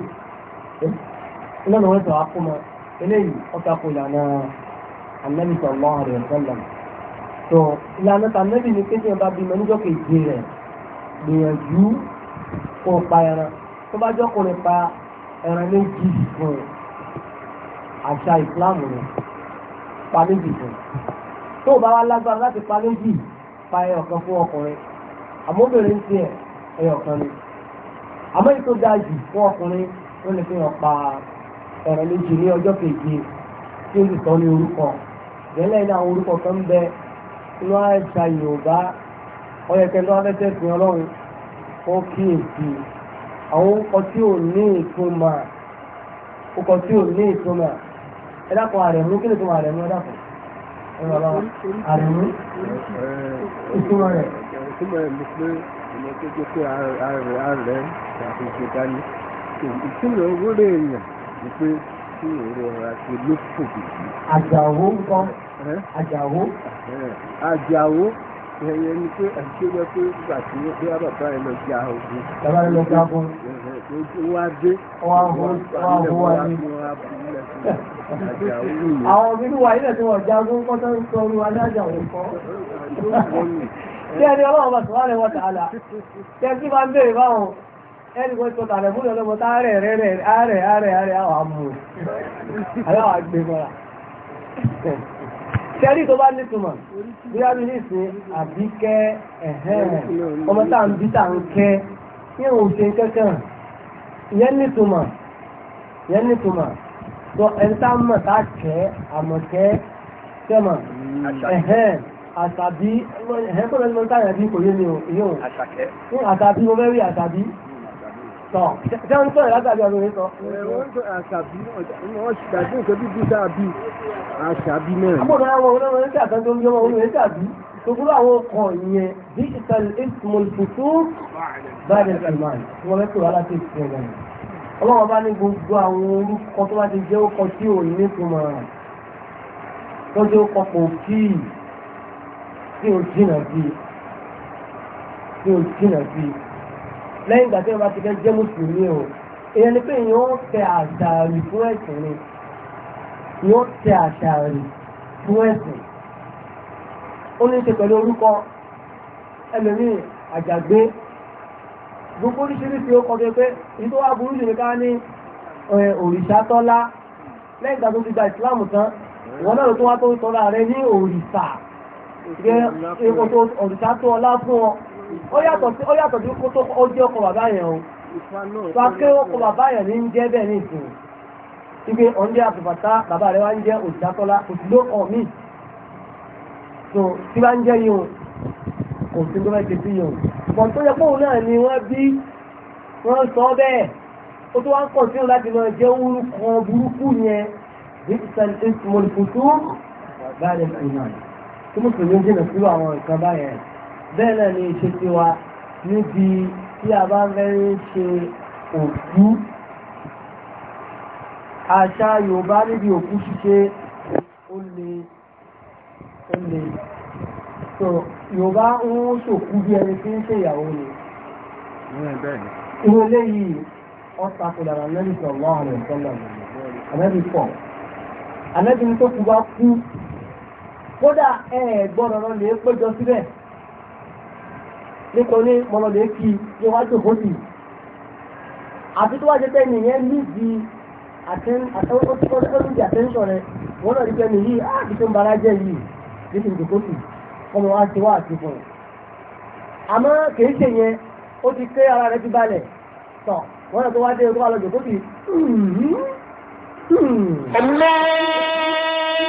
Speaker 1: lọ́nà wọn sọ àkómọ eléyìí ọ̀tàkùn ìlànà anabi sallallahu alayhi wa sallam tó ìlànà tànàbì ni kéde ọba bímọ níjọ́ kejì rẹ̀ gbìyànjú kó pa ẹran tó bá jọkùnrin pa ẹran méjì fún àṣà ìsìláàmù rẹ̀ pa méjì fún tó bá wá lágbára láti pa méjì pa ẹyọ kan fún ọkùnrin àmóbìnrin ti ẹ ẹyọ kan ni àmọ́ èyí tó dáa jù fún ọkùnrin ó lè fi hàn pa ẹ̀rọ méjì ní ọjọ́ kejì tí ó gẹ́lẹ́ ní àwọn orúkọ kan ń bẹ inú àṣà yorùbá ọ̀yẹ̀kẹ́ ló afẹ́fẹ́ fi ọlọ́run ó kíyèsí àwọn orúkọ tí ò ní ìtumọ̀ orúkọ tí ò ní ìtumọ̀ ẹ dákun àrẹ̀mú kí ni ìtumọ̀ àrẹ̀mú ẹ dákun ẹ̀rọ ọlọ́run àrẹ̀mú ìtumọ̀ rẹ̀. ìtumọ̀ rẹ̀ ni pé ìmọ̀ tó pé ààrẹ ààrẹ ṣàfihàn dání ìtumọ̀ owó lè yàn ni pé kí òru ọ̀rọ̀ àti lófò bèbí. àjàwó ń kọ́ àjàwó. àjàwó ẹyẹ ni pé àti ṣé pé nígbà tí wọ́n gbé bàbá yẹn lọ ja ogun. bàbá yẹn lọ ja ogun. ojú wa dé. wọ́n á wọ́n á wọ́n á ní. àwọn òbí wa yìí lẹ́sìn wọ́n jagun kọ́ tó ń sọ olúwa ní àjàwó kọ́. bí ẹni ọlọ́run bá sọ̀rọ̀ rẹ̀ wọ́n tà á là. kí ẹ sì máa ń béèrè báwọn ẹni wọ́n sọ tààrẹ fún ọlọ́mọ tá ààrẹ rẹ rẹ ààrẹ ààrẹ ààrẹ àwọn amú aláwọ̀ àgbè mọ́ra ṣẹ́rí tó bá nítumọ̀ bí a ní sí àbíkẹ́ ẹ̀hẹ́n ọmọ tá à ń bí tá à ń kẹ́ yẹn ò ṣe kankan ìyẹn nítumọ̀ ìyẹn nítumọ̀ tó ẹni tá mọ̀ tá kẹ́ àmọ̀kẹ́ sẹ́mọ̀ ẹ̀hẹ́n àṣàbí ẹ̀hẹ́n kọ́lẹ́ni mọ́ta yẹn bí kò yé ni ò yóò àṣàbí mo fẹ́ àṣàbí tọ̀ ṣé ń tọ́ ìlàgàbí ọdún yìí sọ. wọ́n ṣàbí nǹkan bíbí dàbí àṣàbí náà. àbúrò àwọn ọmọ ọmọ oníṣẹ́ àtọ́jú ọmọ ọmọ oníṣẹ́ dàbí tòkúrò àwọn ọkọ̀ yẹn digital ismul futu báyìí salman wọ́n fẹ́ tó aláṣẹ ìṣẹ́ wọn. ọlọ́wọ́n bá ní gbogbo àwọn orúkọ tó bá ti jẹ́ ọkọ̀ tí ò ní ìtumọ̀ tọ́jú ọkọ̀ kò kí tí ò jìnà sí tí ò jìnà sí lẹ́yìn ìgbà tí wọ́n bá ti fẹ́ jẹ́ mùsùlùmí o èèyàn ni pé èèyàn ó tẹ àṣàrì fún ẹ̀sìn ni yóò tẹ àṣàrì fún ẹ̀sìn ó ní ṣe pẹ̀lú orúkọ ẹlòmíì àjàgbé gbogbo oríṣiríṣi ó kọ pé pé èyí tó wá burú jù ní ká ní òrìṣàtọ́lá lẹ́yìn ìgbà tó ti gba ìsìláàmù tán ìwọ náà tó wá tó ń sọ rẹ ní òrìṣà ìgbẹ́ òrìṣà tó ọlá fún ọ ó yàtọ̀ sí ó yàtọ̀ sí kó tó ó jẹ́ ọkọ̀ bàbá yẹn o tó akéré ọkọ̀ bàbá yẹn ní ń jẹ́ bẹ́ẹ̀ ní ìsìn ibi ọ̀njẹ́ àtùbàtà bàbá rẹ̀ wá ń jẹ́ òṣìṣàtọ́lá òṣìṣẹ́ ọ̀ mí so tí bá ń jẹ́ yìí o kò sí tó fẹ́ ṣe sí yìí o ṣùgbọ́n tó yẹ kóun náà ni wọ́n bí wọ́n sọ bẹ́ẹ̀ ó tó wá ń kọ̀ sínú láti lọ jẹ́ orúkọ burúkú yẹn bí ìsàlẹ̀ ìsìmọ̀lùkùtù bá rẹ̀ fún yàn tí mo sì ní jìnnà sí àwọn nǹkan bẹ́ẹ̀ ni ìṣe ti wa níbi tí a bá fẹ́rẹ́ ṣe òkú àṣà Yorùbá níbi òkú ṣíṣe ó lè so Yorùbá ń ṣòkú bí ẹni tí ń ṣe ìyàwó ni irú eléyìí ọ̀tà kò dára lẹ́yìn tó wọ́n àwọn ìtọ́lá àmẹ́bí pọ̀ àmẹ́bí tó kú bá kú nítorí mọ̀lọ́dé kí níwájú bóti àti tó wá jẹ́ pé nìyẹn níbi àtẹ́ńtì àtẹ́ńtọ̀ rẹ̀ wọ́n náà rí pé nìyí àti ah, tó ń bara jẹ́ yìí nítorí ìdókòtì ọmọ wa ti wá àti fún un àmọ́ kìí ṣe yẹn ó ti pé ara rẹ̀ ti balẹ̀ tọ̀ wọ́n náà tó wá dé tó wá lọ jòkótì. Hmm, hmm, hmm. ẹ̀mẹ́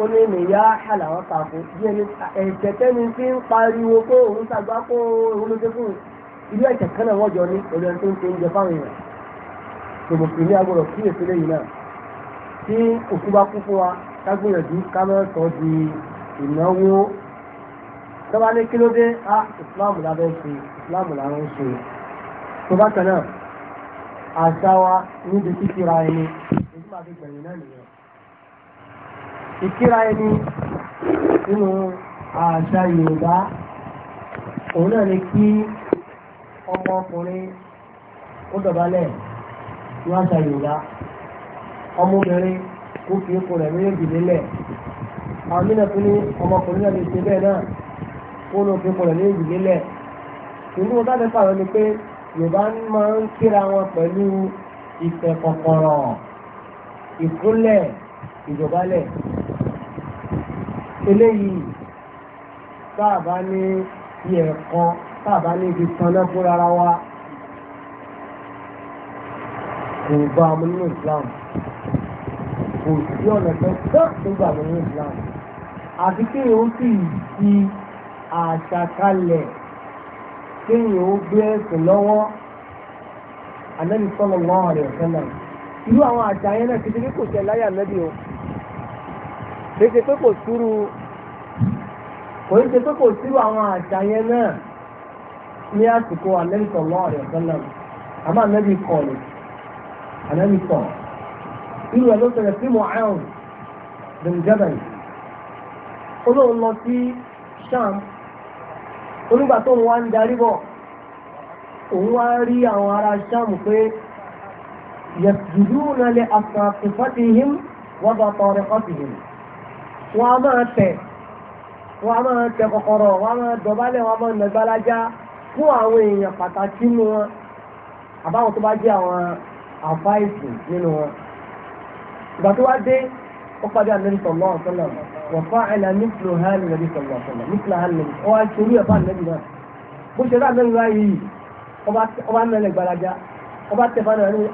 Speaker 1: ó ní nìyá àlàwọ̀ pàkó bí ẹni ẹ̀jẹ̀ tẹ́ni tí ń pariwo kó òun ṣàgbá kó òun ló dé fún ilé ẹ̀jẹ̀ kan náà wọ́n jọ ní orí ẹni tó ń ṣe oúnjẹ fáwọn èèyàn tòmùkì ní agbọ̀rọ̀ kí èso lẹ́yìn náà tí òkú bá kú fún wa kágbóyànjú ká máa sọ di ìnáwó tọ́ba ní kí ló dé á ìsìláàmù lábẹ́ ṣe ìsìláàmù lára ń ṣe tó bá kan náà àṣà wa níbi títí ra ẹni èyí máa gbẹ̀yìn náà nìyẹn ìkíra ẹni nínú àṣà Yorùbá òun náà ni kí ọmọkùnrin ó dọ̀bálẹ̀ ní àṣà Yorùbá ọmọbìnrin kó fi ipò rẹ̀ méjèèjì lélẹ̀ àwọn mìíràn tún ní ọmọkùnrin náà lè ṣe bẹ́ẹ̀ náà kó ló fi ipò rẹ̀ méjèèjì lélẹ̀ ìlú wọn dábẹ́ ni pé Yorùbá máa ń kíra wọn pẹ̀lú ìtẹ̀kọ̀kọ̀rọ̀ ìkúnlẹ̀ ìjọba lẹ̀ eléyìí táàbá ní iye ẹ̀kan táàbá ní ibi kan náà fún rárá wa kò bá ọmọ nínú Islam kò sí ọ̀nà tó tọ́ tó gbà ọmọ nínú Islam àfi kéèyàn ó sì fi àṣà kalẹ̀ kéèyàn ó gbé ẹ̀sìn lọ́wọ́ Ànábì sallallahu alaihi wasallam irú àwọn àṣà yẹn náà ti kò tẹ̀ láyà Ànábì o kò ṣe pé kò sírú kò ṣe pé kò sírú àwọn àṣà yẹn náà ní àsìkò Ànábì sallallahu alaihi wasallam àmọ́ Ànábì kọ̀ ni Ànábì kọ̀ irú ẹ̀ ló ṣẹlẹ̀ sí Mu'adh bin Jabal olóhùn lọ sí Sham onígbà tó ń wá ń darí bọ̀ òun wá rí àwọn ará Sham pé yasjuduna li asaqfatihim wa batariqatihim wọn a máa tẹ̀ wọn a máa tẹ kọ̀kọ̀rọ̀ wọn a máa dọ̀bálẹ̀ wọn a máa nà gbalaja fún àwọn èèyàn pàtàkì nínú wọn àbáwọn tó bá jẹ́ àwọn àfáìsì nínú wọn. ìgbà tó wá dé ó padà ànábì sallallahu alaihi wasallam wa fa'ala mithla hadha ànábì sallallahu alaihi wasallam mithla hadha ànábì ọwọ́ àti orí ẹ̀fọ́ ànábì náà bó ṣe rà ànábì wá yìí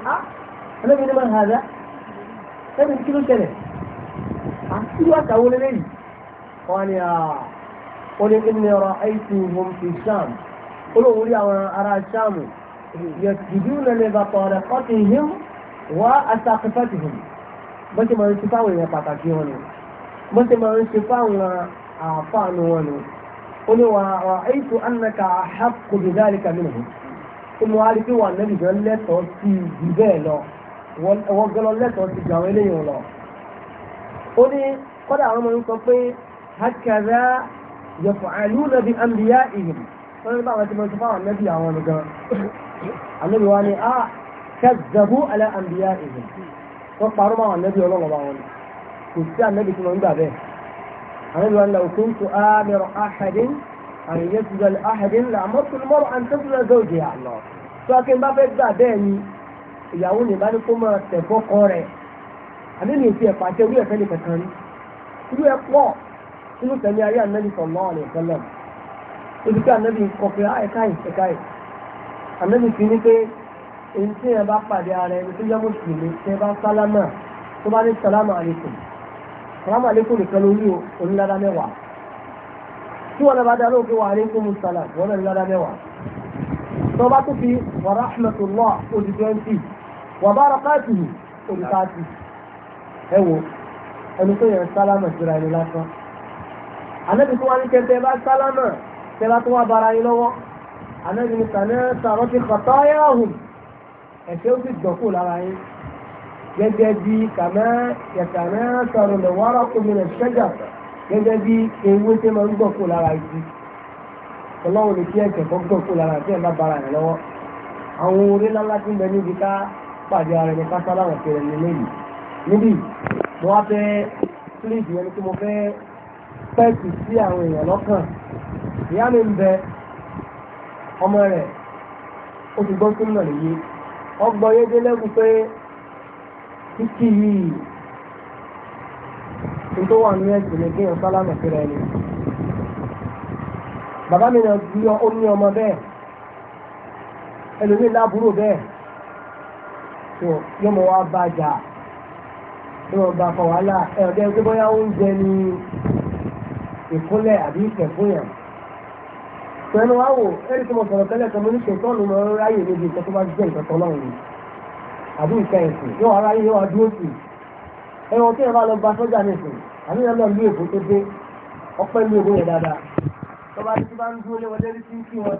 Speaker 1: ah ànábì ní ma hàdá ẹ̀mí kí àtúwà tàwọn olélẹ́ yìí wọ́n ni ó ní kí ni ọ̀rọ̀ àìsàn ìhun fi sham olóhùn rí àwọn ará sham yẹ dìbí lẹ́lẹ́ bá tọ̀ rẹ̀ kọ́tì him wá àtàkùfẹ́tì him bó ti máa ń ṣe fáwọn èèyàn pàtàkì wọn ni bó ti máa ń ṣe fáwọn àfáànù wọn ni ó ní wà á àìsàn annaka àhàkù bìdálìkà mìíràn ó ní wà á rí pé wà nẹ́bìgbẹ́ lẹ́tọ̀ọ́ sí ìdí bẹ́ẹ̀ lọ wọ́n gẹ́lọ́ lẹ́tọ̀ọ́ sí ìgbà wọn eléyìí lọ ó ní kọ́dà àwọn ọmọ yìí sọ pé hakada yaf'aluna bi anbiya'ihim wọ́n ní báwọn ti mọ̀ sí fáwọn ànábì àwọn nìkan ànábì wa ni ah kazzabu ala anbiya'ihim wọ́n parọ́ mọ́ àwọn ànábì ọlọ́wọ́ bá wọn kò sí ànábì tí wọ́n ń gbà bẹ́ẹ̀ ànábì wa ni law kuntu amiru ahadin an yasjuda li ahadin la'amartu al-mar'a ní ìbánikó àmì mi ti ẹ̀pà jẹ́ orí ẹ̀fẹ́ ní kankan rí irú ẹ pọ̀ nínú tẹ̀lé ayé ànábì sallallahu alaihi wasallam ojú pé ànábì kọfẹ́ ẹ̀ka ẹ̀ ẹ̀ka ẹ̀ ànábì fi ní pé èyí tí ẹ bá pàdé ara ẹni tó jẹ́ mùsùlùmí tẹ bá sálámà tó bá ní sálámà àlékún sálámà àlékún nìkan lórí onílàdá mẹ́wàá tí wọn bá darú pé wà á lékún mùsàlá wọn lè nílàdá mẹ́wàá tó bá tó fi wa rahmatullah ojú twenty wa barakatuhu ojú thirty ẹ wò ẹni tó yẹn sálámà síra ẹni lásán ànábì tó wá ní kẹtẹ bá sálámà tẹ bá tó wá bara yín lọ́wọ́ ànábì ní sànẹ́ sàrọ́ ti kọ̀tọ́ yá hùn ẹ̀fẹ́ ó sì dọ̀kú lára yín gẹ́gẹ́ bí kàmẹ́ kẹtàmẹ́ sọ̀rọ̀ lè wọ́rọ̀ omi rẹ̀ ṣẹ́jà gẹ́gẹ́ bí ewé tẹ́ máa ń dọ̀kú lára yìí ọlọ́run lè fi ẹ̀jẹ̀ kọ́ dọ̀kú lára tí ẹ̀ bá bara yín lọ́wọ́ àwọn orí lálá ti ń bẹ níbi ká pàdé ara ẹni ká sálámà kẹrẹ ní lẹ́yìn níbí mo wá fẹ́ fílíìdì ẹni tí mo fẹ́ pẹ́ẹ̀tì sí àwọn èèyàn lọ́kàn ìyá mi ń bẹ ọmọ rẹ̀ ó ti gbọ́ súnmọ̀ nìyí ọgbọ́n yé dé lẹ́gùn pé kíkì yìí ní tó wà ní ẹ̀sìn ní kéèyàn sálámà síra ẹni. bàbá mi náà bí ó ní ọmọ bẹ́ẹ̀ ẹlòmíì láàbúrò bẹ́ẹ̀ yọmọ wa bá jà ìwọ̀n bá kọ̀ wàhálà ẹ̀rọ̀dẹ́ pé bóyá oúnjẹ ni ìkúnlẹ̀ àbí ìkẹ̀fúnyàn. pẹ̀lú wa wò ẹ̀rí tí mo sọ̀rọ̀ tẹ́lẹ̀ kan mo ní ṣètọ́ ló mọ ráyè níbi ìkẹ́ tó bá jẹ́ ìkẹ́tọ́ náà ni àbí ìkẹ́ ẹ̀sìn yóò ráyè yóò dúró sí i ẹ̀rọ tí ẹ bá lọ gba sọ́jà nìsín àbí ẹ lọ lú èbó tó dé ọpẹ́ lú èbó yẹn dáadáa tó bá ti bá ń dúró lé wọlé rí sí kí wọn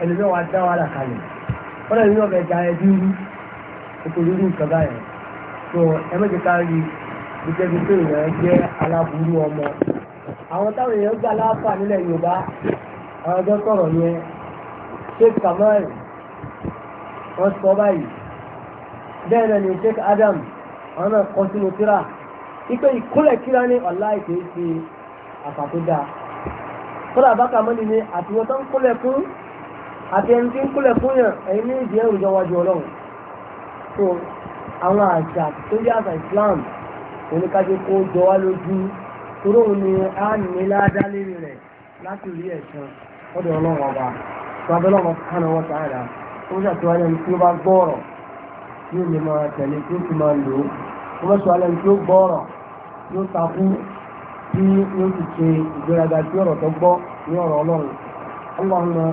Speaker 1: ẹni náà wá dá wàhálà kalẹ̀ wọ́n lẹ́yìn náà fẹ́ da ẹbí rú kòkò lórí nǹkan báyẹn tó ẹ méje ká rí ìjẹ́ bí pé èèyàn jẹ́ aláburú ọmọ àwọn táwọn èèyàn gbà láàfà nílẹ̀ Yorùbá àwọn ọjọ́ sọ̀rọ̀ yẹn Sheikh Kamal wọ́n sọ báyìí bẹ́ẹ̀ náà ni Sheikh Adam àwọn náà kọ́ sínú tíra ipe ìkúlẹ̀ kíra ní ọ̀la ìpè ti àkàtúndà kódà bákàmọ́ni ni àtiwọ́n tó ń kúlẹ̀ fún àti ẹni tí ń kúlẹ̀ fún yàn ẹ̀yin ní ìdí ẹ̀rù jọ wájú ọlọ́run so àwọn àṣà tó jẹ́ àṣà Islam oníkájú kó jọ wá lójú a ní láti rí ọlọ́run ọba tó abẹ́lẹ́ ọmọ kánà wọ́n ó ṣàtúwá lẹ́nu tí ó bá gbọ́ọ̀rọ̀ tí ó lè máa tẹ̀lé tí ó máa lò ó lẹ́nu tí ó gbọ́ọ̀rọ̀ tí ó takú tí ó sì ṣe ìgbéraga tí ọ̀rọ̀ tó gbọ́ ní ọ̀rọ̀ ọlọ́run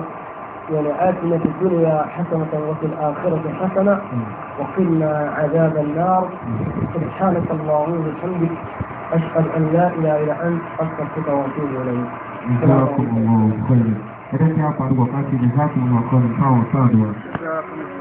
Speaker 1: يعني آتنا في الدنيا حسنة وفي الآخرة حسنة وقنا عذاب النار سبحانك اللهم وبحمدك أشهد أن لا إله إلا أنت أستغفرك وأتوب إليك. جزاكم الله خيرا. Ẹgbẹ́ tí a pariwo ká ti lè láti mú